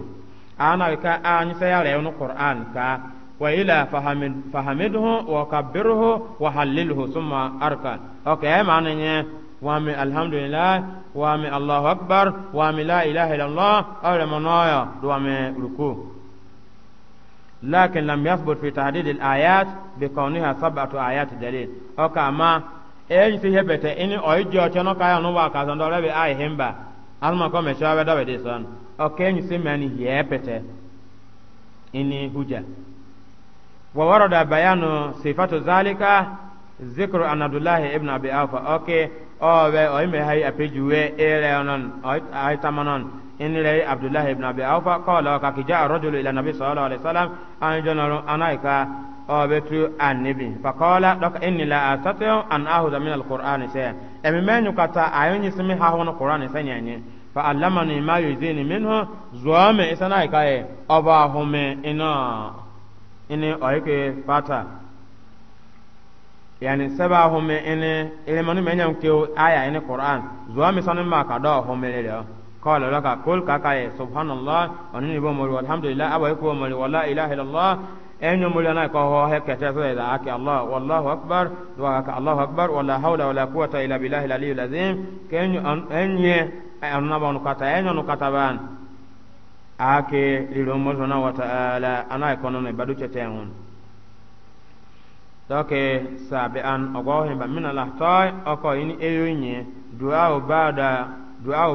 أنا كا أن سيعلن القرآن كا وإلى فهمد فهمده وكبره وحلله ثم أركع أوكي معنيه وامي الحمد لله وامي الله أكبر وامي لا إله إلا الله أول منايا دوامي ركوع لكن لم يثبت في تعديد الآيات بكونها سبعة آيات دليل أوكي ما eyi si hebete ini oyi jo chono kaya no wa kaza ndo rebe ai himba alma ko me shawe dawe de son o kenyi si mani yepete ini huja wa warada bayanu sifatu zalika zikru an abdullah ibn abi awfa okay o we oyi me hay apejuwe ere onon ai tamanon ini re abdullah ibn abi awfa qala ka kija rajulu ila nabi sallallahu alaihi wasallam an jonaru anaika obetu annabi faqala dak inni la astati' an akhudha min alqur'ani shay'an emi menyu kata ayonyi simi ha hono qur'ani sanyanye fa allamani ma yuzini minhu zuame isana ikaye oba home ina ini oike pata yani saba home ini ile manu menyam kyo aya ini qur'an zuame sanu ma ka do home lele قال لك قل كاكاي سبحان الله ونني بومر والحمد لله أبا يكو ولا إله إلا الله enyo mulana ko ho he kete so ila aki allah wallahu akbar duwa ka allah akbar wala hawla wala quwwata illa billahi al aliyyil azim kenyo enye anaba no kata enyo no kata ban ake lilo mozo na wata ala ana ko no badu chete hun doke sabian ogo hin ba min al ahtay oko ini eyo nye du'a ba'da du'a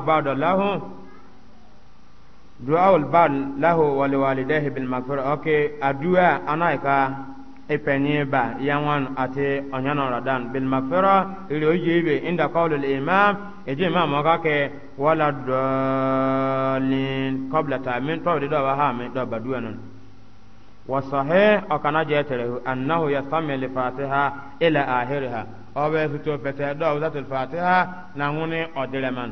duawul bal lahu wali walidayhi bil magfira oke adua anaika ipenye ba yawan ate onyana radan bil magfira ili ojibe inda qawlul imam eje imam oka ke wala dalin qabla ta'min to de do ba ha mi do ba duwa non wa sahih okana je tere annahu yastami li fatiha ila ahiriha obe fito pete do zatul fatiha na ngune odileman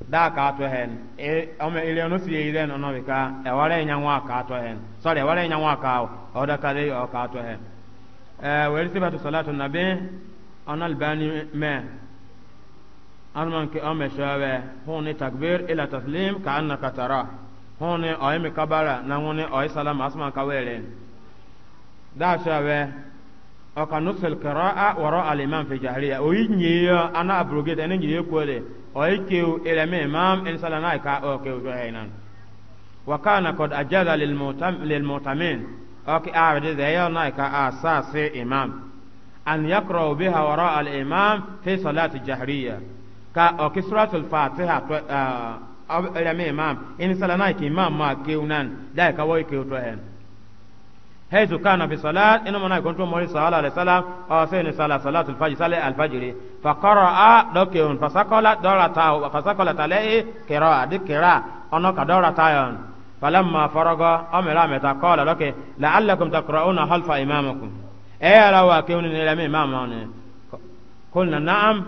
da ka to hen e o me ile no si ile ka e wale nya nwa ka to hen sorry e ka o ka le o ka to hen e we ri sibatu salatu nabi anal bani me an man ke o me takbir ila taslim ka annaka tara honi o kabara na honi o salama asman ka wele da shawe ọka nusel kara wọrọ alimam fi jahiliya oyi nyeya ana abrogate ẹni nyere kwere oyi kewu ilẹmi imam insala na ika ọkẹ ojú ẹyẹ nan waka na kod ajada lilmutamin ọkẹ aabidi zẹyẹ na ika asaasi imam an yakra obi ha wọrọ alimam fi salati jahiliya ka ọkẹ suratul fatiha ilẹmi imam insala na ika imam ma kewu nan da ika wọyi kewu tó ẹyẹ nan. حيث كان في صلاة إنما أنا كنت مولي صلى الله عليه وسلم أو سين صلاة صلاة الفجر صلاة الفجر فقرأ دوكيون فسقل دورة تاو فسقلت عليه كراء دي كراء أنك دورة تايون فلما فرغ أمرا أمتا قال لك لعلكم تقرؤون خلف إمامكم أي رواكيون إلى إمامهم قلنا نعم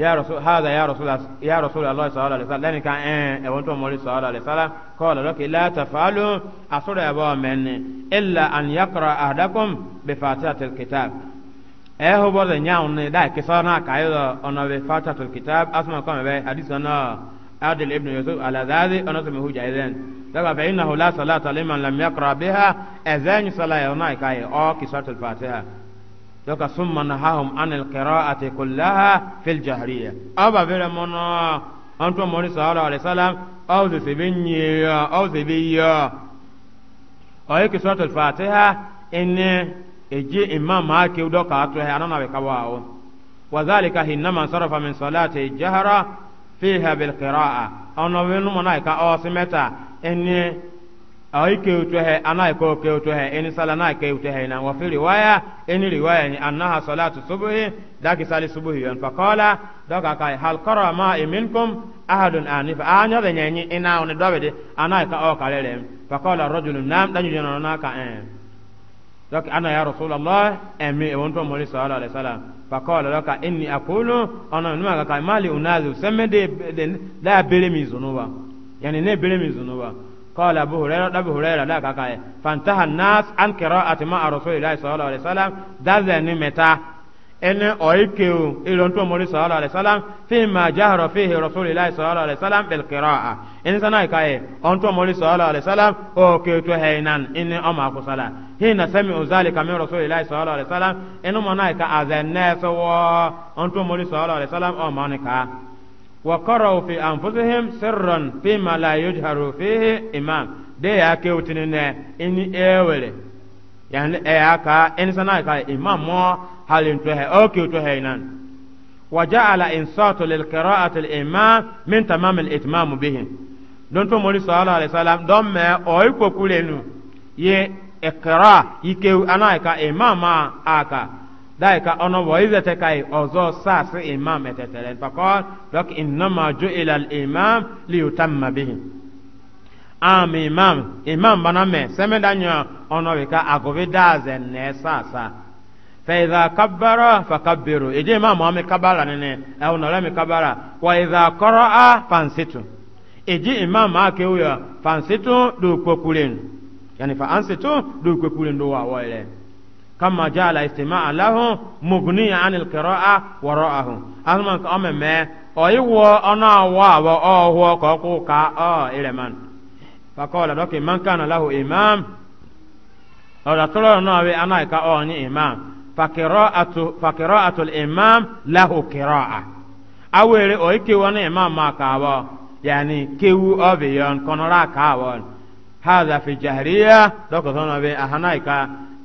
يا رسول هذا يا رسول الله يا رسول الله صلى الله عليه وسلم لأن كان أنت إيه، مولى صلى الله عليه وسلم قال لك لا تفعلوا أسرع أبو من إلا أن يقرأ أحدكم بفاتحة الكتاب أي هو بعض الناس دا كسرنا كايدا أن بفاتحة الكتاب أسمع كم به حديث أنا عادل ابن يوسف على ذلك أنا سمعه جيدًا لما فإنه لا صلاة لمن لم يقرأ بها أذن صلاة هناك أي أو كسرت الفاتحة toka summa nahahum anil qira'ati kullaha fil jahriya aba vile mono anto mori sallallahu alaihi wasallam au ze sebenye aw ze biya ayi ki suratul fatiha inne eji imam ma udoka doka he anana be kawawo wa dhalika hinma sarafa min salati jahra fiha bil qira'a ono wenu mona ka osimeta inne ayi kewutuhe anayi ko kewutuhe ini sala anayi kewutuhe ina wa fi riwaya ini riwaya ni annaha salatu subuhi daki sali subuhi yon fakola doka kai hal koro ma iminkum ahadun anifa anya be nyenyi ina oni dobede fakola nam danyu na ka doka ana ya emi e wonto sallallahu alaihi wasallam fakola doka inni mali unazi yani ne قال أبو هريرة أبو هريرة لا كاكاي فانتهى الناس عن قراءة مع رسول الله صلى الله عليه وسلم ذذن متى إن أيكيو إلون تومولي صلى الله عليه وسلم فيما جهر فيه رسول الله صلى الله عليه وسلم بالقراءة إن سنة كاي أن تومولي صلى الله عليه وسلم أوكي تهينان إن أما كسلا حين سمعوا ذلك من رسول الله صلى الله عليه وسلم إن منايك أذن ناس وأن تومولي صلى الله عليه وسلم أمانكا وقرأوا في أنفسهم سرا فيما لا يجهر فيه إمام دي ياكي وتنين إني إيولي يعني إياكا إنسانا كا إمام مو هل انتوهي أوكي وتوهينان وجعل إنصات للقراءة الإمام من تمام الإتمام به دون تو صلى الله عليه وسلم دون ما أويكو كولينو يه إقراء يكيو أنا كا إمام آكا dai ka ono wa kai ozo sa imam etetelen fakol dok innama ju'ila al imam li yutamma bihi am imam imam bana me seme danyo ono we ka agobe daze ne sa fa iza kabbara fakabbiru ije imam ame kabara nene au ono le me kabara wa iza qara'a fansitu ije imam ake uya fansitu du kokulen yani fa ansitu du kokulen do wa wale kama jaala istimaa lahum mugniya anil qira'a wara'ahum alman ka ame me oyi wo ona wa wa o ho ko ku ka o ile man faqala doki man kana lahu imam o da tolo no we ana ka o ni imam faqira'atu faqira'atu al imam lahu qira'a awere oyi ke wona imam ma ka wa yani kewu obi yon konora ka wa hadha fi jahriya doko sono we ahana ka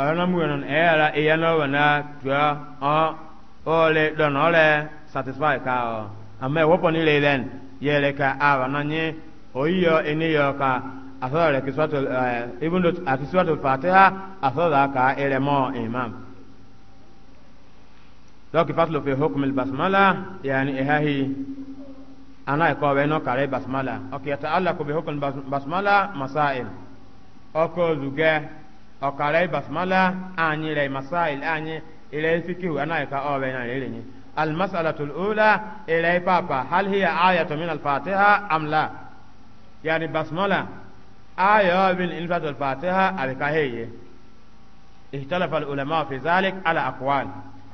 ọ̀rọ̀nà mú ẹ̀rọ ẹ̀yàrá ẹ̀yà náà wà náà tuwa ọ́ ọ̀lẹ̀ dọ̀nà ọ̀lẹ̀ satisfy ká ọ̀ àmọ́ ẹ̀ wọ́pọ̀ nílé lẹ́n yẹ̀rẹ̀ ká àrọ̀ náà nyé oyíyọ eníyọ ká asọ́rọ̀ rẹ̀ kí sọ́tò ẹ̀ ibùdó àti sọ́tò fàtíhà asọ́rọ̀ ká ẹ̀rẹ̀ mọ́ imam. lọ́kì fásitì fi hókùnmí basmala yàní ìhàhí aná ẹ̀kọ́ ọ̀bẹ náà kàrẹ́ basmala ọkì yàtọ̀ alákòbí hókùnmí basmala masáìl ọkọ̀ zùgẹ́ ọkara ibasmala anyị rẹ masail anyị ilẹ̀ fikihu ka ọ̀bẹ náà rẹ̀ almasalatul ula ilẹ̀ papa hal hiya ayatun min alfatiha amla yani basmala aya min infat alfatiha abika heye ihtalafa alulama fi zalik ala aqwal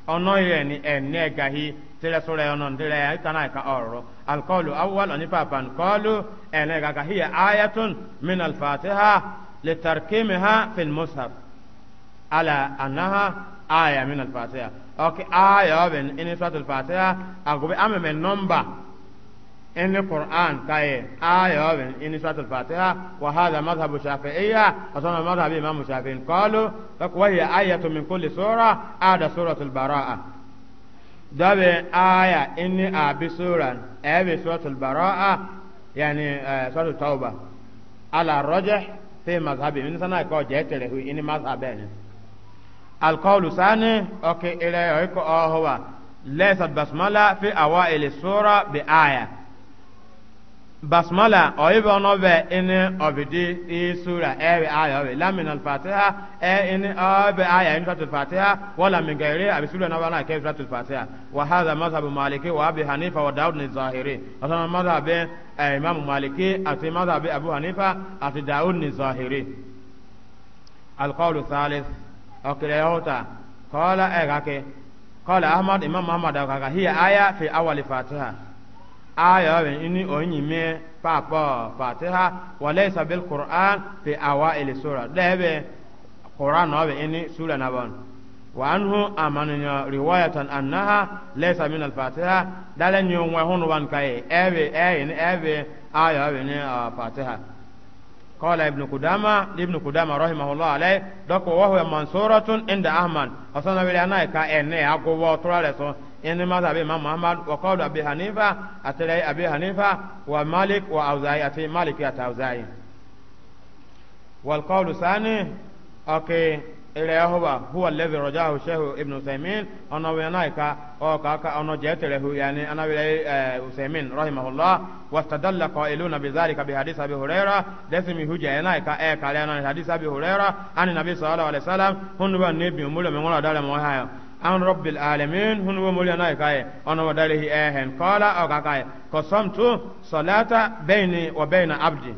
ọ̀nà yẹn ni ẹ̀nẹ́ gahi tẹ́lẹ̀ sọ̀rọ̀ ẹ̀yọ́nà tẹ́lẹ̀ ìtànáyẹ̀ka ọ̀rọ̀ alkọlu awwal ọ̀ní papa nkọlu ẹ̀nẹ́ gaga hiya ayatun min alfatiha لتركيمها في المصحف على أنها آية من الفاتحة أوكي آية من إن سورة الفاتحة أقول أم من نمبر إن القرآن كاي آية من إن سورة الفاتحة وهذا مذهب الشافعية وصنع مذهب الإمام الشافعي قالوا لك وهي آية من كل سورة هذا سورة البراءة دابي آية inni أبي سورة أبي سورة البراءة يعني آه، سورة التوبة على الرجح fi mazhabi min sana ko je tere hu ini mazhabani alqawlu sani okay ila ko ohowa laysa basmala fi awail sura bi aya basmala ọyịba ọnọbẹ ịnị ọbịdị isura ẹwị aya ọbị lamin alfatiha ẹ ịnị ọbẹ aya ịnị suratul fatiha wala min gairi abisura ọnọbẹ na kẹ suratul fatiha wa hadha mazhabu maliki wa abi hanifa wa daud ni zahiri ọsàn mazhabi ẹ e, imam maliki àti mazhabi abu hanifa àti daud ni zahiri. alqawlu thalith ọkìlẹ̀ yọta kọ́lá ẹ̀ e, kàkẹ́ kọ́lá ahmad imam muhammad akaka e, hiya aya fi awali fatiha aya wen ini onyi me papa fatiha walaysa bil qur'an fi awail sura debe qur'an no ini sura na bon wa anhu amanya riwayatan annaha laysa min al fatiha dala nyo wa hunu wan kai ewe ewe ewe aya wen fatiha قال ابن قدامة ابن قدامة رحمه الله عليه دكو وهو منصورة عند أحمد أصلا بلي أنا كأني أقوى ترى يعني ماذا أبي إمام محمد وقول أبي حنيفة أتلاي أبي حنيفة ومالك وأوزاعي أتي مالك يتأوزاعي والقول الثاني أوكي إلى هو هو الذي رجعه الشيخ ابن سيمين أنا وينايكا أو كاكا أنا جئت له يعني أنا ولا سيمين رحمه الله واستدل قائلون بذلك بحديث أبي هريرة دسمي هجا ينايكا إيكا لأن حديث أبي هريرة أن النبي صلى الله عليه وسلم هن النبي مولى من ولا دار مهايا an rabbil alamin hun wo mulya nay kay ono wadalihi ehen qala o kakay qasamtu salata baini wa baina abdi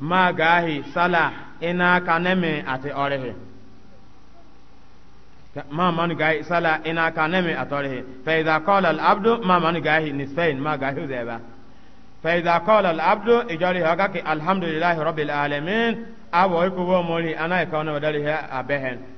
ma gahi sala ina kaneme ati orehe ma man gahi sala ina kaneme ati orehe fa idha qala al abdu ma man gahi nisfain ma gahi zeba fa idha qala al abdu ijari hakaki alhamdulillahi rabbil alamin abo ikubo muli anay ka ono wadalihi abehen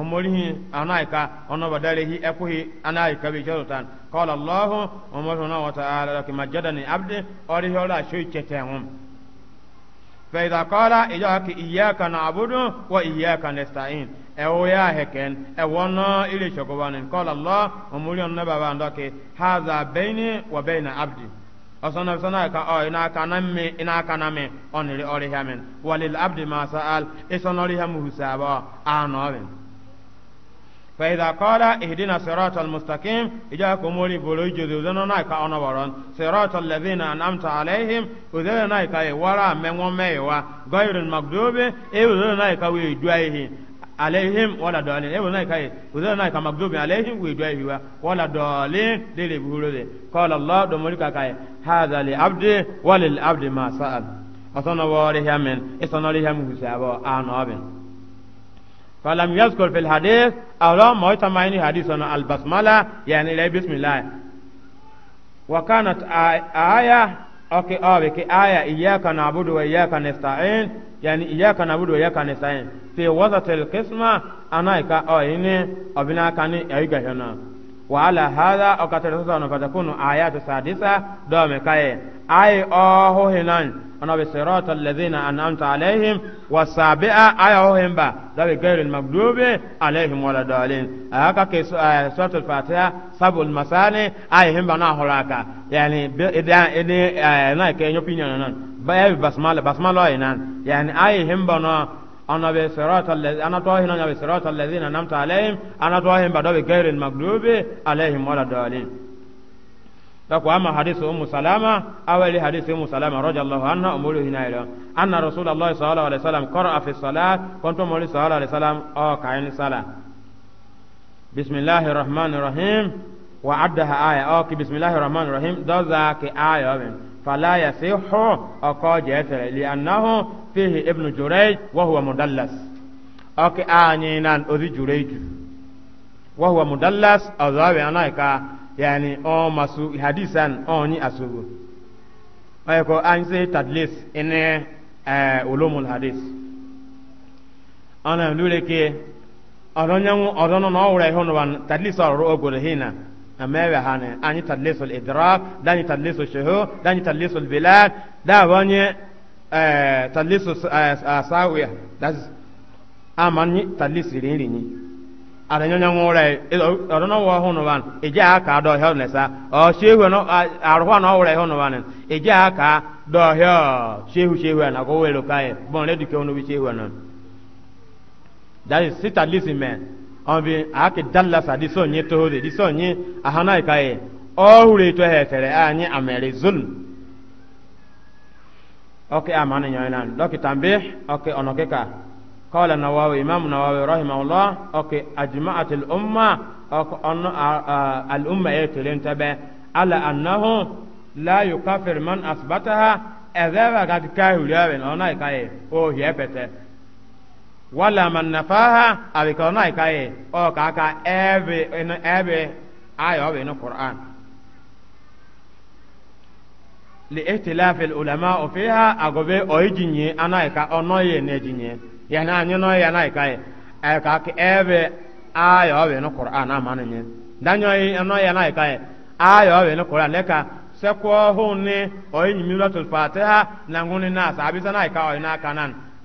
omorihi anaika onobadarihi ekuhi anaika bi jorutan qala allah umma wa ta'ala lakin majadani abdi orihi ora shoy chetenum فإذا قال إياك إياك نعبد وإياك نستعين أو يا هكن أونا إلي شكوان قال الله أمولي النبى عندك هذا بيني وبين عبدي أصنع صنع كا أو إنا كنامي إنا كنامي أنري أريهمن وللعبد ما سأل إصنع أريهم حسابا آنوين فإذا قال اهدنا صراط المستقيم إجاكم مولي بولوي جزوزنا نايكا أنبران صراط الذين أنعمت عليهم وذل نايكا ورا من ميوا غير المغضوب إذل نايكا ويجوائه عليهم ولا دالين إذل نايكا وذل نايكا مغضوب عليهم ويجوائه ولا دالين للي بولوي قال الله دموليكا كاي هذا لعبد وللعبد ما سأل أصنع واريها من إصنع لهم حسابا آنابين فلم يذكر في الحديث أو ما يتمعين حديثنا البسملة يعني لا بسم الله وكانت آية أوكي أوكي آية إياك نعبد وإياك نستعين يعني إياك نعبد وإياك نستعين في وسط القسمة أنا إياك أو إني أبنا كاني أيك هنا وعلى هذا أكثر سنة فتكون آيات سادسة دوم كاي أي أوه هنان أنا بصراط الذين أنعمت عليهم والسابعة أي أوه هنبا ده غير المغضوب عليهم ولا الضالين هكا كي آه، سورة الفاتحة سبع المثاني أي هنبا ناهلاكا يعني إذا إذا آه، نايكي يوبينيون نان بسمالة بسمالة هنان يعني أي هنبا ana be sirata allazi ana to hina be sirata allazina namta alaihim ana to hin badawi gairil maghdubi alaihim wala dalin dako ama hadisi ummu salama awali hadisi ummu salama radiyallahu anha umulu hina ila anna rasulullahi sallallahu alaihi wasallam qara'a fi salat kuntu muli sallallahu alaihi wasallam o kayin sala bismillahir rahmanir rahim wa addaha aya o ki bismillahir rahmanir rahim doza ki aya فلا يصح أقاج يسر لأنه فيه ابن جريج وهو مدلس أوكي آنينا أذي جريج وهو مدلس أذابي أنايكا يعني أو مسو حديثا أوني أسوه أيكو أنسي تدليس إن علوم الحديث أنا أقول لك أرنيان أرنان أوري هنوان تدليس أرو أقول هنا amewe hane anyi tadlisu idrak danyi tadlisu shuhu danyi tadlisu bilad da wanye eh tadlisu asawiya that is amanyi tadlisu rinrini adanyanya ngore odono wo hono ban eje aka do he nesa o oh, shehu no arwa no wore hono ban eje aka do he shehu shehu na go welo kai bon le dike bi shehu no that is sit at least in men ɔbi ake dalasa di sɔn nye tohore di sɔn nye ahana ka ye ɔhure to hɛ fɛrɛ a nye amɛri zulm ɔke ama ne nyɔɛ nan dɔki tambi ɔke ɔnɔke ka kɔɔla nawawi imam nawawi rahimahullah ɔke ajma'at al umma ɔke ɔnɔ al umma ye telen tɛbɛ ala annahu la yukafir man asbataha ɛzɛba ka kahuriya bɛ ɔna ka ye o hiɛ pɛtɛ wala man nafaha abi ka nai ka ye o ka ka ebe en ebe ayo be no qur'an li ihtilaf al ulama fiha agobe o jinye anai ka ono ye ne jinye ya na anyo no ya nai ka ye e ka ka ebe ayo be no qur'an amane nye danyo yi ono ya nai ka ye ayo be no qur'an le ka sekwo hu ni o yin mi ratul fatiha na nguni na sabisa nai ka o na kanan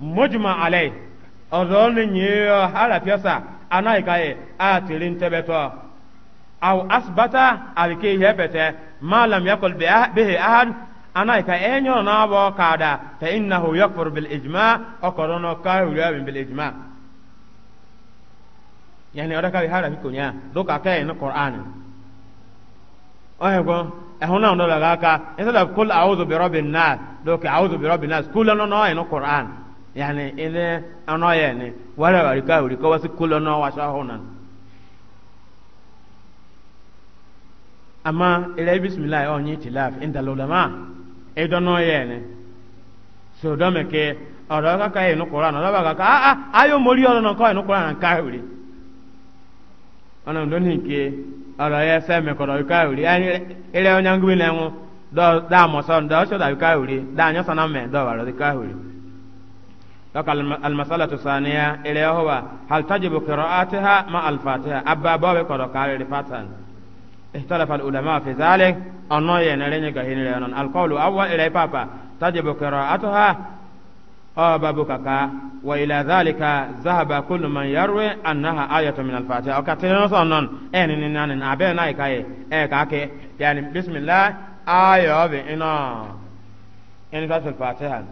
mujma alai ọzọ ni nyeyo harafiasa anaika ye a tiri ntebe ntebetọ aw asbata alike ihe bete malam yakul bihi ahad anaika enyo na abo kada fa innahu yakfur bil ijma okorono ka hulabi bil ijma yani odaka bi harafi konya doka ka en qur'an oyego ehuna ndo laga ka instead of kul a'udhu bi rabbin nas doka a'udhu bi rabbin nas kulano no en qur'an yani ile ano yene wale walika uliko wasikulo no washahona ama ile bismillah onye itilaf inda ulama edo no yene so do meke ọ̀rọ̀ kaka yìí nukura náà lọ́ba kaka ah ah ayọ̀ mọ̀rí ọ̀rọ̀ náà kọ́ yìí nukura náà káwìrì ọ̀nà ọ̀rọ̀ yẹ sẹ́mi káwìrì ilẹ̀ لك المسألة الثانية إلى هو هل تجب قراءتها مع الفاتحة أبا بابي قال الفاتحة اختلف العلماء في ذلك أنه ينرين كهين لأنون القول أول إلى بابا تجب قراءتها أو أبابك وإلى ذلك ذهب كل من يروي أنها آية من الفاتحة أو وكتير صنن أين نان أبين أيكاي أيكاكي يعني بسم الله آية إنا إن الفاتحة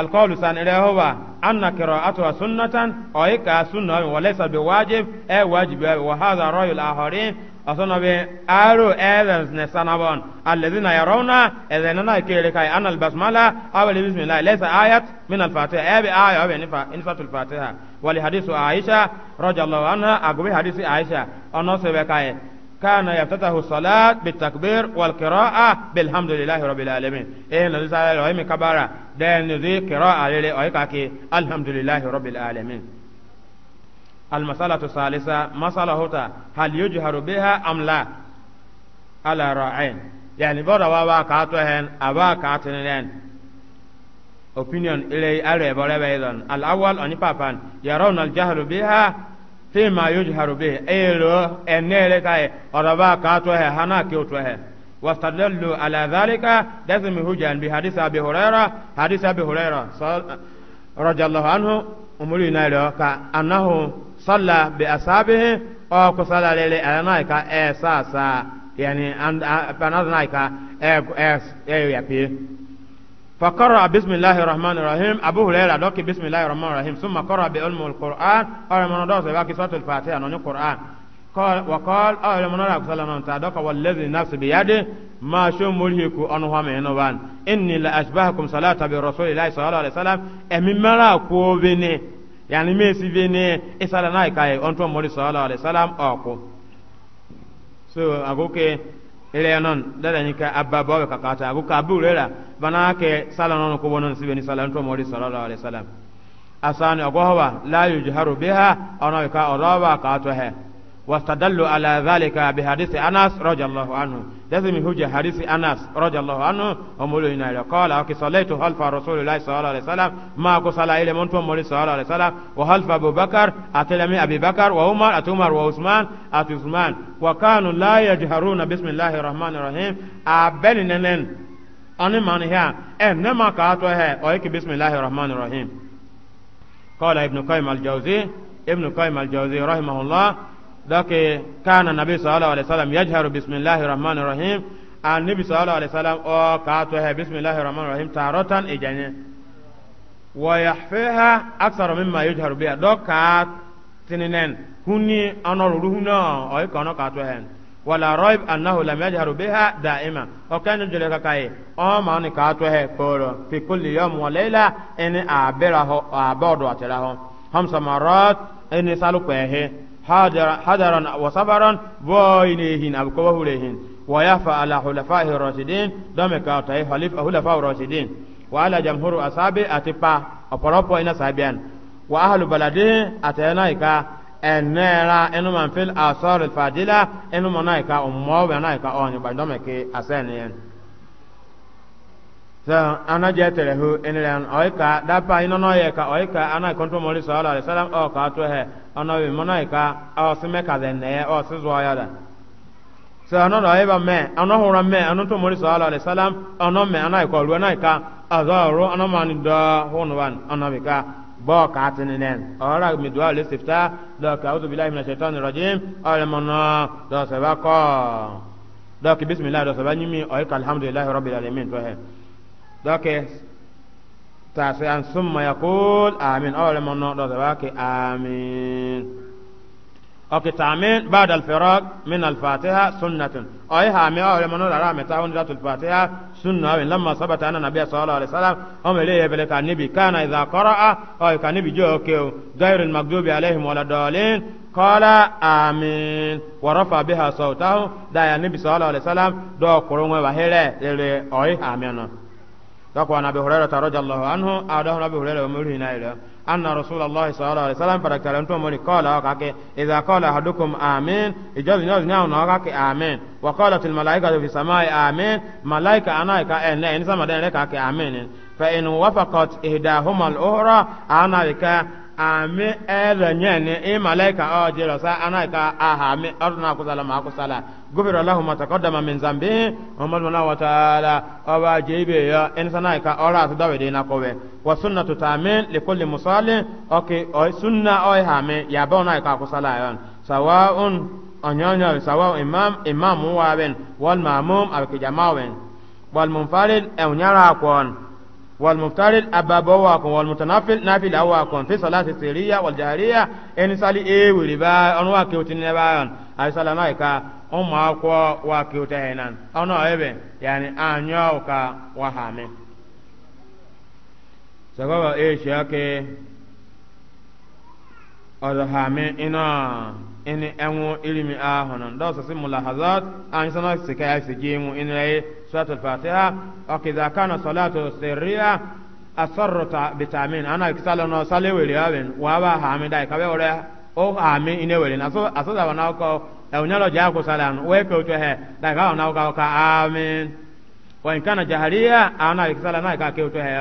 alkọọlù sanirẹ họba anna kẹrọ atọ sunnatan ọyí ka sunna ọyìn wọlé sàbẹ wájib ẹ wájib ẹ wọ hàzà rọyìn ahọrí ọsọnọbi aro ẹlẹns nẹ sanabọn alẹbi na yàrá na ẹlẹ nana kéré ka anna basmala awẹlẹ bisimilayi lẹsẹ ayat minna fati ẹbi ayọ ọbẹ nifa nifatul fatiha wàlí hadisu aisha rọjàlọ anna agobi hadisi aisha ọ̀nà sẹbẹ ka yẹ. كان يفتتح الصلاة بالتكبير والقراءة بالحمد لله رب العالمين إيه نزل صلى الله عليه كبارة دين نزل قراءة للي الحمد لله رب العالمين المسألة الثالثة مسألة هتا هل يجهر بها أم لا على راعين يعني بودا وابا كاتوهن أبا كاتنين opinion إلي أري بولي بيضا الأول أني بابان يرون الجهر بها fima yujharu bihi elo enele kai oraba ka to he hana ke to he wastadallu ala dhalika dazmi hujan bi hadith abi huraira hadith abi huraira radiyallahu anhu umuri nailo ka annahu salla bi ashabihi aw ku salla lele ana ka e sasa yani and panazna ka e e, e ya pi فقرأ بسم الله الرحمن الرحيم أبو هريرة دوك بسم الله الرحمن الرحيم ثم قرأ بعلم القرآن أول من دوس باقي سورة الفاتحة نون القرآن قال وقال أول من رأى صلى الله عليه وسلم والذي نفس بيده ما شو ملهك أنه من إني لأشبهكم صلاة برسول الله صلى الله عليه وسلم أمي ملاكو بني يعني ميسي بني إسالة نايكاي أنتم مولي صلى الله عليه وسلم أكو so agoke ire non dada ni ka abba bawe ka kata abu ka abu rera bana ke sala non ko wonon sibe ni sala to mori sallallahu alaihi wasallam asani ogowa la yujharu biha ona ka oroba ka واستدلوا على ذلك بحديث أنس رضي الله عنه لازم يحج حديث أنس رضي الله عنه أمولي هنا قال أكي صليت خلف رسول الله صلى الله عليه وسلم ما أكو صلى إلى منتم مولي صلى الله عليه وسلم وخلف أبو بكر أتلمي أبي بكر وعمر أتمر وعثمان أتثمان وكانوا لا يجهرون بسم الله الرحمن الرحيم أبن أبننن أني من هي إنما كاتوا هي أيك بسم الله الرحمن الرحيم قال ابن قيم الجوزي ابن قيم الجوزي رحمه الله dɔke eh, kana nabi sallallahu alaihi wasallam yajharu bismillahir rahmanir rahim an nabi sallallahu alaihi wasallam o ka to he bismillahir rahmanir rahim tarotan ejanye wa yahfiha aksar mimma yajharu biha dɔka tininen huni anor ruhuna o ka no ka to he wala raib annahu lam yajharu biha daima o kan jele ka kai o ma ni ka to he koro fi kulli yawm wa layla in abirahu abadodo atirahu hamsa marat in salu kwehe hadaran wa sabaran boynehin abkoba hulehin wa yafa ala hulafahi rashidin dome ka ta halif hulafa rashidin wa ala jamhuru asabi atipa oporopo ina sabian wa ahlu baladi atayanaika enera enu man fil asar al fadila enu manaika umma wa naika on ba dome ke asaniyan so ana je tere hu enilan oika ka da pa ino no ye ka ana kontu mori sallallahu ka to he ana wi mo ka o se ka den ne o si zo ya da Sa ana no ye ba me ana hu me ana to mori sallallahu alaihi ana me ana ko ru ana ka azaru ana man da hu no ban ana ka bo ka tin sifta da ka uzu billahi rajim dɔke taasi an summa yakul amin ɔwɔ lɛmɔ nɔ dɔkɛ baa ke amin ɔke taamin baad alfirag min alfatiha sunnatun ɔye haami ɔwɔ lɛmɔ nɔ dara mɛ taawun dira tulfatiha sunna ɔwin lamma sabata ana nabiya sɔɔlɔ alayhi salam ɔmɛ lee yɛbɛlɛ ka nibi kaana idha kɔrɔ'a ɔye ka nibi joo kew gayrin magdubi alayhim wala dɔɔlin kɔla amin wɔrɔfa biha sɔɔtahu daa ya nibi sɔɔlɔ alayhi salam dɔɔ kurun wɛ wa hɛrɛ ɛrɛ ɔye haami ذكر عن ابي هريره رضي الله عنه اعاده ابي هريره ومره نايله ان رسول الله صلى الله عليه وسلم قال كلام تو مولي قال اذا قال احدكم امين اجل الناس نعم نعم امين وقالت الملائكه في السماء امين ملائكه انا كا ان سما دنك امين فان وفقت احداهما الاخرى انا ami ɛɛdɔ nyɛni i malaika ɔ jɛlɔ sa ana ka ahami ɔduna akusala ma akusala gofiro lahu ma takɔdama min zambi ɔmɔdun na wataala ɔba jeibe yɔ ɛnisana ka ɔra ati dɔwɛde na kɔwɛ wa sunna tutaami likoli musɔli ɔke ɔ sunna ɔyi hami yabɛw na ka akusala yɔn sawa un ɔnyɔnyɔ sawa imam imam waabɛn walima amum abikijama wɛn walmunfarid ɛwunyara e akɔn. والمفترض أبابا واكم والمتنافل نافل أواكم في صلاة السرية والجهرية إن سالي إيه ولبا أنوا كيوتين لبايان أي سلامايكا أما أقوى وكيوتين أنا إيه يعني أنيا وكا وهامي سبب إيه شاكي أذهامي إنا ini enwo ilimi ahono ndo sasi mulahazat an sana sika ya sijimu ini rai suratul fatiha oke za kana salatu sirriya asarrota bitamin ana kisala no sale wele awen wa ba hami dai kabe ore o hami ine wele na so asoda wana ko e unyalo ja ko salan we ko to he dai ka na ko ka amin wa in kana jahariya ana kisala na ka ke to he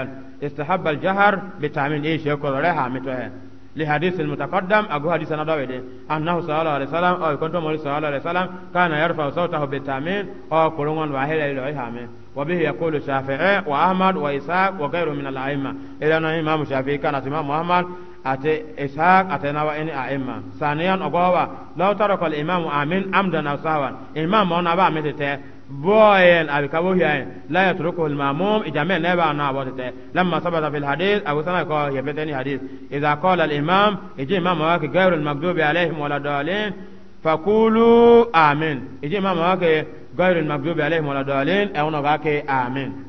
istahabba al bitamin e she ko re hami to he لحديث المتقدم أقول حديث أنا داوي أنه صلى الله عليه وسلم أو كنت مولى صلى الله عليه وسلم كان يرفع صوته بالتامين أو كلون واحد إلى إحامين وبه يقول الشافعي وأحمد وإسحاق وغيره من الأئمة إلى أن الإمام الشافعي كان إمام أحمد أتي إسحاق أتي نوى إن أئمة ثانيا أقول لو ترك الإمام آمين أمدا أو سهوا إمام أنا بعمل بوين أبي كابو كبوه إيه. لا يتركه المأموم إجمع نبا نابوتة لما ثبت في الحديث أبو سنة قال هي يبتني حديث إذا قال الإمام إجي إمام واك غير المكذوب عليهم ولا الضالين فقولوا آمين إجي إمام واك غير المكذوب عليهم ولا الضالين أو واك آمين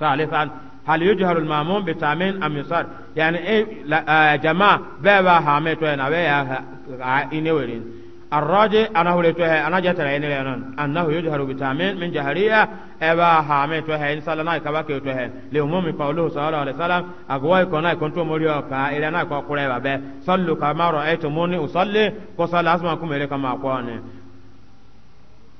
ثالثا هل يجهر المأموم بتامين أم يسار يعني إيه يا آه، جماعة بابا حامتوا انا آه، بها آه، إني ورين الراجي أنا هو لتوه أنا جت رأينا لأنن أنه يجهر بتامين من جهرية أبا حامي توه إن صلى الله عليه توه لأمم قوله صلى الله عليه وسلم أقوى كنا كنت مريو كا إلى نا كقولة بابه صلوا كما رأيتموني أصلي كصلاة أسمعكم إليكم أقواني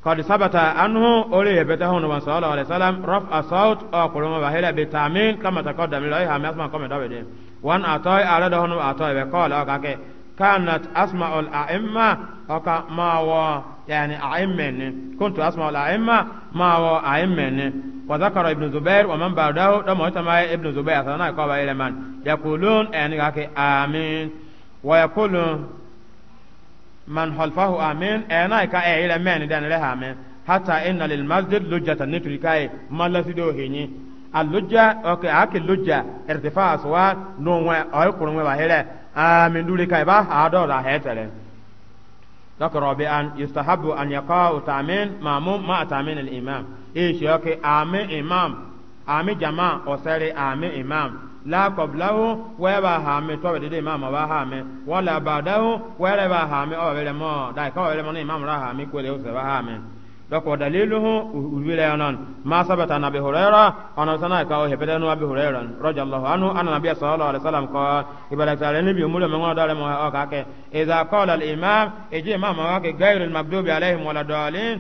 قد ثبت عنه أولي بيته نبي صلى الله عليه وسلم رفع صوت أو كلمة بهلا بتامين كما تقدم إليها ما أسمعكم دابدين وأن أطاي أراده نبي أطاي وقال أوكاكي كانت أسمع الأئمة oka mawo yani aimmeni kuntu asma la aimma mawo aimmeni wa zakara ibn zubair wa man ba'dahu da mawta ma ibn zubair sana ko ba ile man yaqulun yani kake amin wa yaqulu man halfahu amin ena ka e ile men dan le amin hatta inna lil masjid lujjatan nitrikai malasido hinyi alujja okay ake lujja irtifa aswa no wa ay kurun wa hele amin dure kai ba adora hetere dɔkɔ rɔbi an yustahabu an yakɔɔ taamin maamu ma taamin al imam ee shɔki aami imam aami jama ɔsɛri aami imam la kɔbilawo wɛɛba haami tɔbi didi imam ɔba haami wala baadawo wɛɛrɛ ba haami ɔba wɛrɛ mɔɔ dai kɔba wɛrɛ mɔɔ ni imam ra haami kɔle o sɛba haami dɔkɔ daliluhu ulwila yanan ma sabata na bi hurayra ana sana ka o hebede no abi hurayra radiyallahu anhu anna nabiyya sallallahu alaihi wasallam ka ibarakale ni bi umulo mengo dale mo o ka ke iza qala al imam eje imam wa ke gairul maghdubi alaihim wala dalin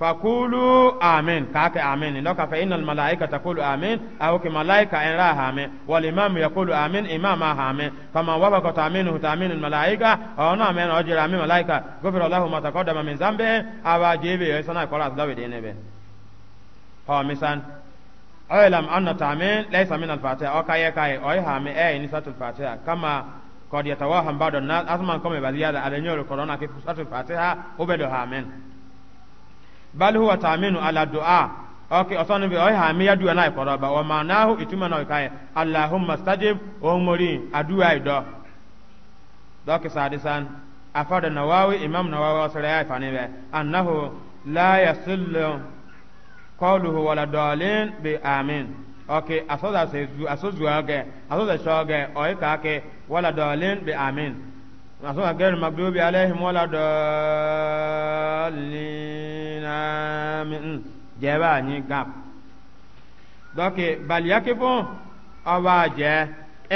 fakulu amin kake amin ndo ka fa innal malaika taqulu amin aw ke malaika en ra hame wal imam yaqulu amin imam hame fama wafaqa ta'minu ta'minul malaika ona amen ojira amin malaika gofira lahu ma taqaddama min zambi aba jebe sana kola dawid enebe ha misan aylam anna ta'min laysa min al-fatiha o kaye kaye o hame e ni satul fatiha kama qad yatawaham ba'd an-nas asman kama baziyada ala nyoro corona ke satul fatiha ubedo amen bal huwa taminu ala du'a okay osonu bi oy ha mi yadu na ikoro ba wa manahu ituma na kai allahumma stajib o mori adua ido doki sadisan afada nawawi imam nawawi wasara ya fani be annahu la yasillu qawluhu wala dalin bi amin okay asoda sezu asozu age asoda shoge oy ka ke wala dalin bi amin asoda gel magdubi alaihim wala dalin شامئ jẹ́bà ní gap dọkị baliyaki fún ọba jẹ́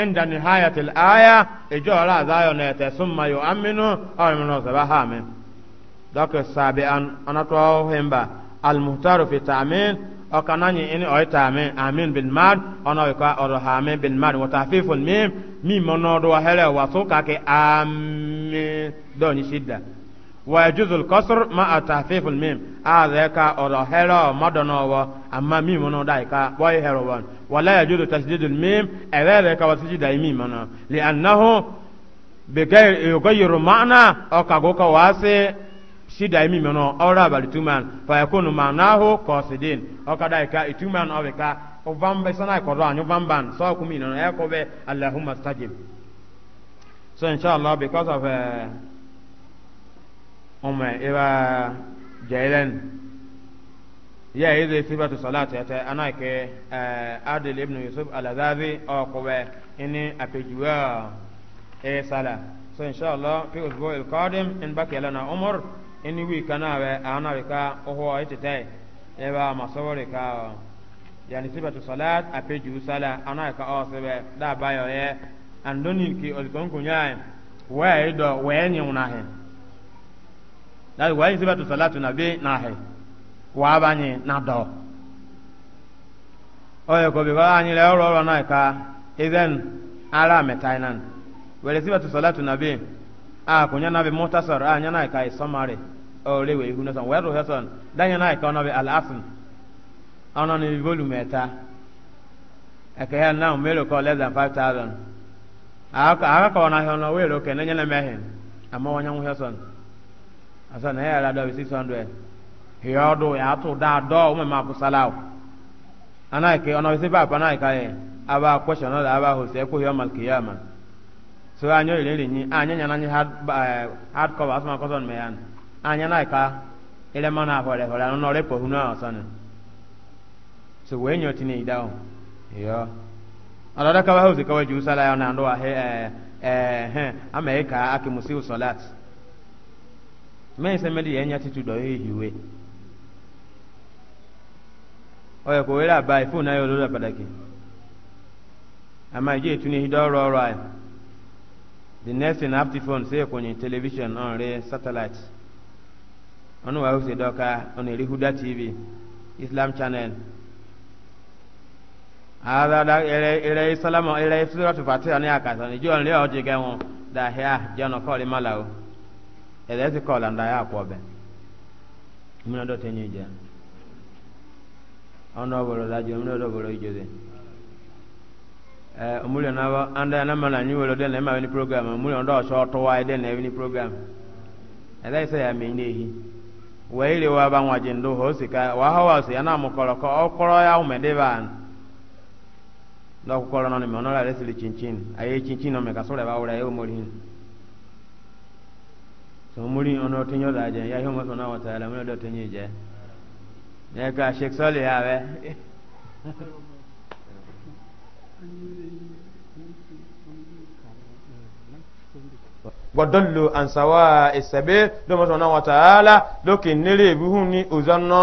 inda ni hayatil aya ìjọ ọ̀rọ̀ àzáyọ̀ na ẹ̀tẹ̀ súnmọ́ yóò amínú ọ̀rọ̀ ìmọ̀ ọ̀sẹ̀ bá hà mí dọ́kì sàbẹ̀ almuhtaru fi tààmín ọkà náà bin mad bin mad si ويجوز الكسر مع تخفيف الميم هذا كا أولا هلا مدنا و أما ميم منو دايكا بوي هروان ولا يجوز تشديد الميم أولا كا وتشديد الميم منو لأنه بغير يغير معنى أو كاغوكا واسي shida imi meno ora bali tuman fa yakunu manahu qasidin okada ka ituman obeka ovambe sana ko ran ovamban so kumi no ekobe allahumma stajib so inshallah because of uh, umma iba jailan ya yi zai sifatu salatu ya ta ana ke adil ibn yusuf alazazi o kuwa ini a fejuwa e sala so insha Allah fi usbu il qadim in baki lana umar ini wi kana we ana rika oho ite tai e ba masawari ka yani sifatu salat a feju sala ana ka o sebe da bayo ye andoni ki olkon kunya we do we nyi unahin na wa yi zibatu salatu na be na wa na do o ye ko be ba ni na ka idan ara metainan wa le salatu na be a na be mutasar a nya na ka i e summary o le we hu na da ka na be al asn ana volume eta na less than 5000 a ka ka na na na asa na yala do 600 he odo ya to da do ma ku salaw ana ke ona se ba ka aba na aba ho se ko yo mal so anyo ile ile ni anya nyana ni hard eh, hard cover asma ko son me yan anya na ka ile mana ho le ho na so ka ya na ndo a he eh, eh, e ka mɛn sɛ mɛ de yɛn nyati tu dɔ ye hiwe ɔyɛ ko wele aba ifo na yɛ olu la padaki ama idje etu ne hidɔ ɔrɔ ayi the next in after phone sɛ ekonye television ɔnre satellite ɔno wa ose dɔka ɔno eri huda tv islam channel aadada ere ere salama ere suratu fatiha ne akasa ne jo ɔnre ɔjigɛ ŋo da hea jɛnɔ kɔɔri mala o. ɛdɛ ti a nda yaa kɔɔbɛ mina dɔ tɛ nyuja ɔn dɔ bolo la jɔ mina dɔ bolo ijo de ɛɛ e, na ba an da na ma na nyi wolo de na ma wini program omuli na dɔɔ sɔɔ tɔwa de program ɛdɛ sɛ ya mɛ nehi wɛyiri wa ba ŋwaji ndo ho ha wa ha wa si ana mu kɔlɔ kɔ ɔkɔlɔ ya wumɛ de ba dɔw kɔlɔ nɔ ni ɔnɔ la a ye nɔ mɛ ka yɛ ba wura ye omuli muri ono tinyo da je ya homa sona wa taala mun do tinyo je ne ka shek sole ya be gbọdọlù ansawa ìsẹ̀bẹ́ lọ́mọ́sọ̀nà wàtàálà lókè nílé ìbúhùn ono òzọ́nà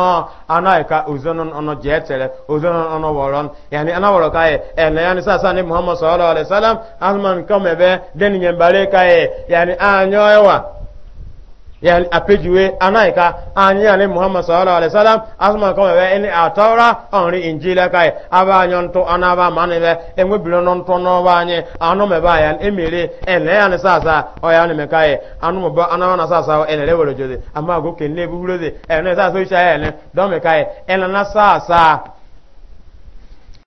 anáìka òzọ́nà ọ̀nà jẹ́ẹ̀tẹ̀rẹ̀ òzọ́nà ọ̀nà wọ̀rọ̀n yàní anáwọ̀rọ̀ káyẹ̀ ẹ̀lẹ́yàn sàṣà ní muhammad sallallahu alayhi wa sallam asman kọ́mẹ̀bẹ́ dẹ́niyàn balẹ̀ káyẹ̀ yàní àyàn ya apejiwe anaika anyị ale muhammad sallallahu alaihi wasallam asma ko we ni atawra onri injila kai aba nyonto anaba manebe enwe bilo nonto no banye anu me emere ele ya na sasa o ya na sasa jode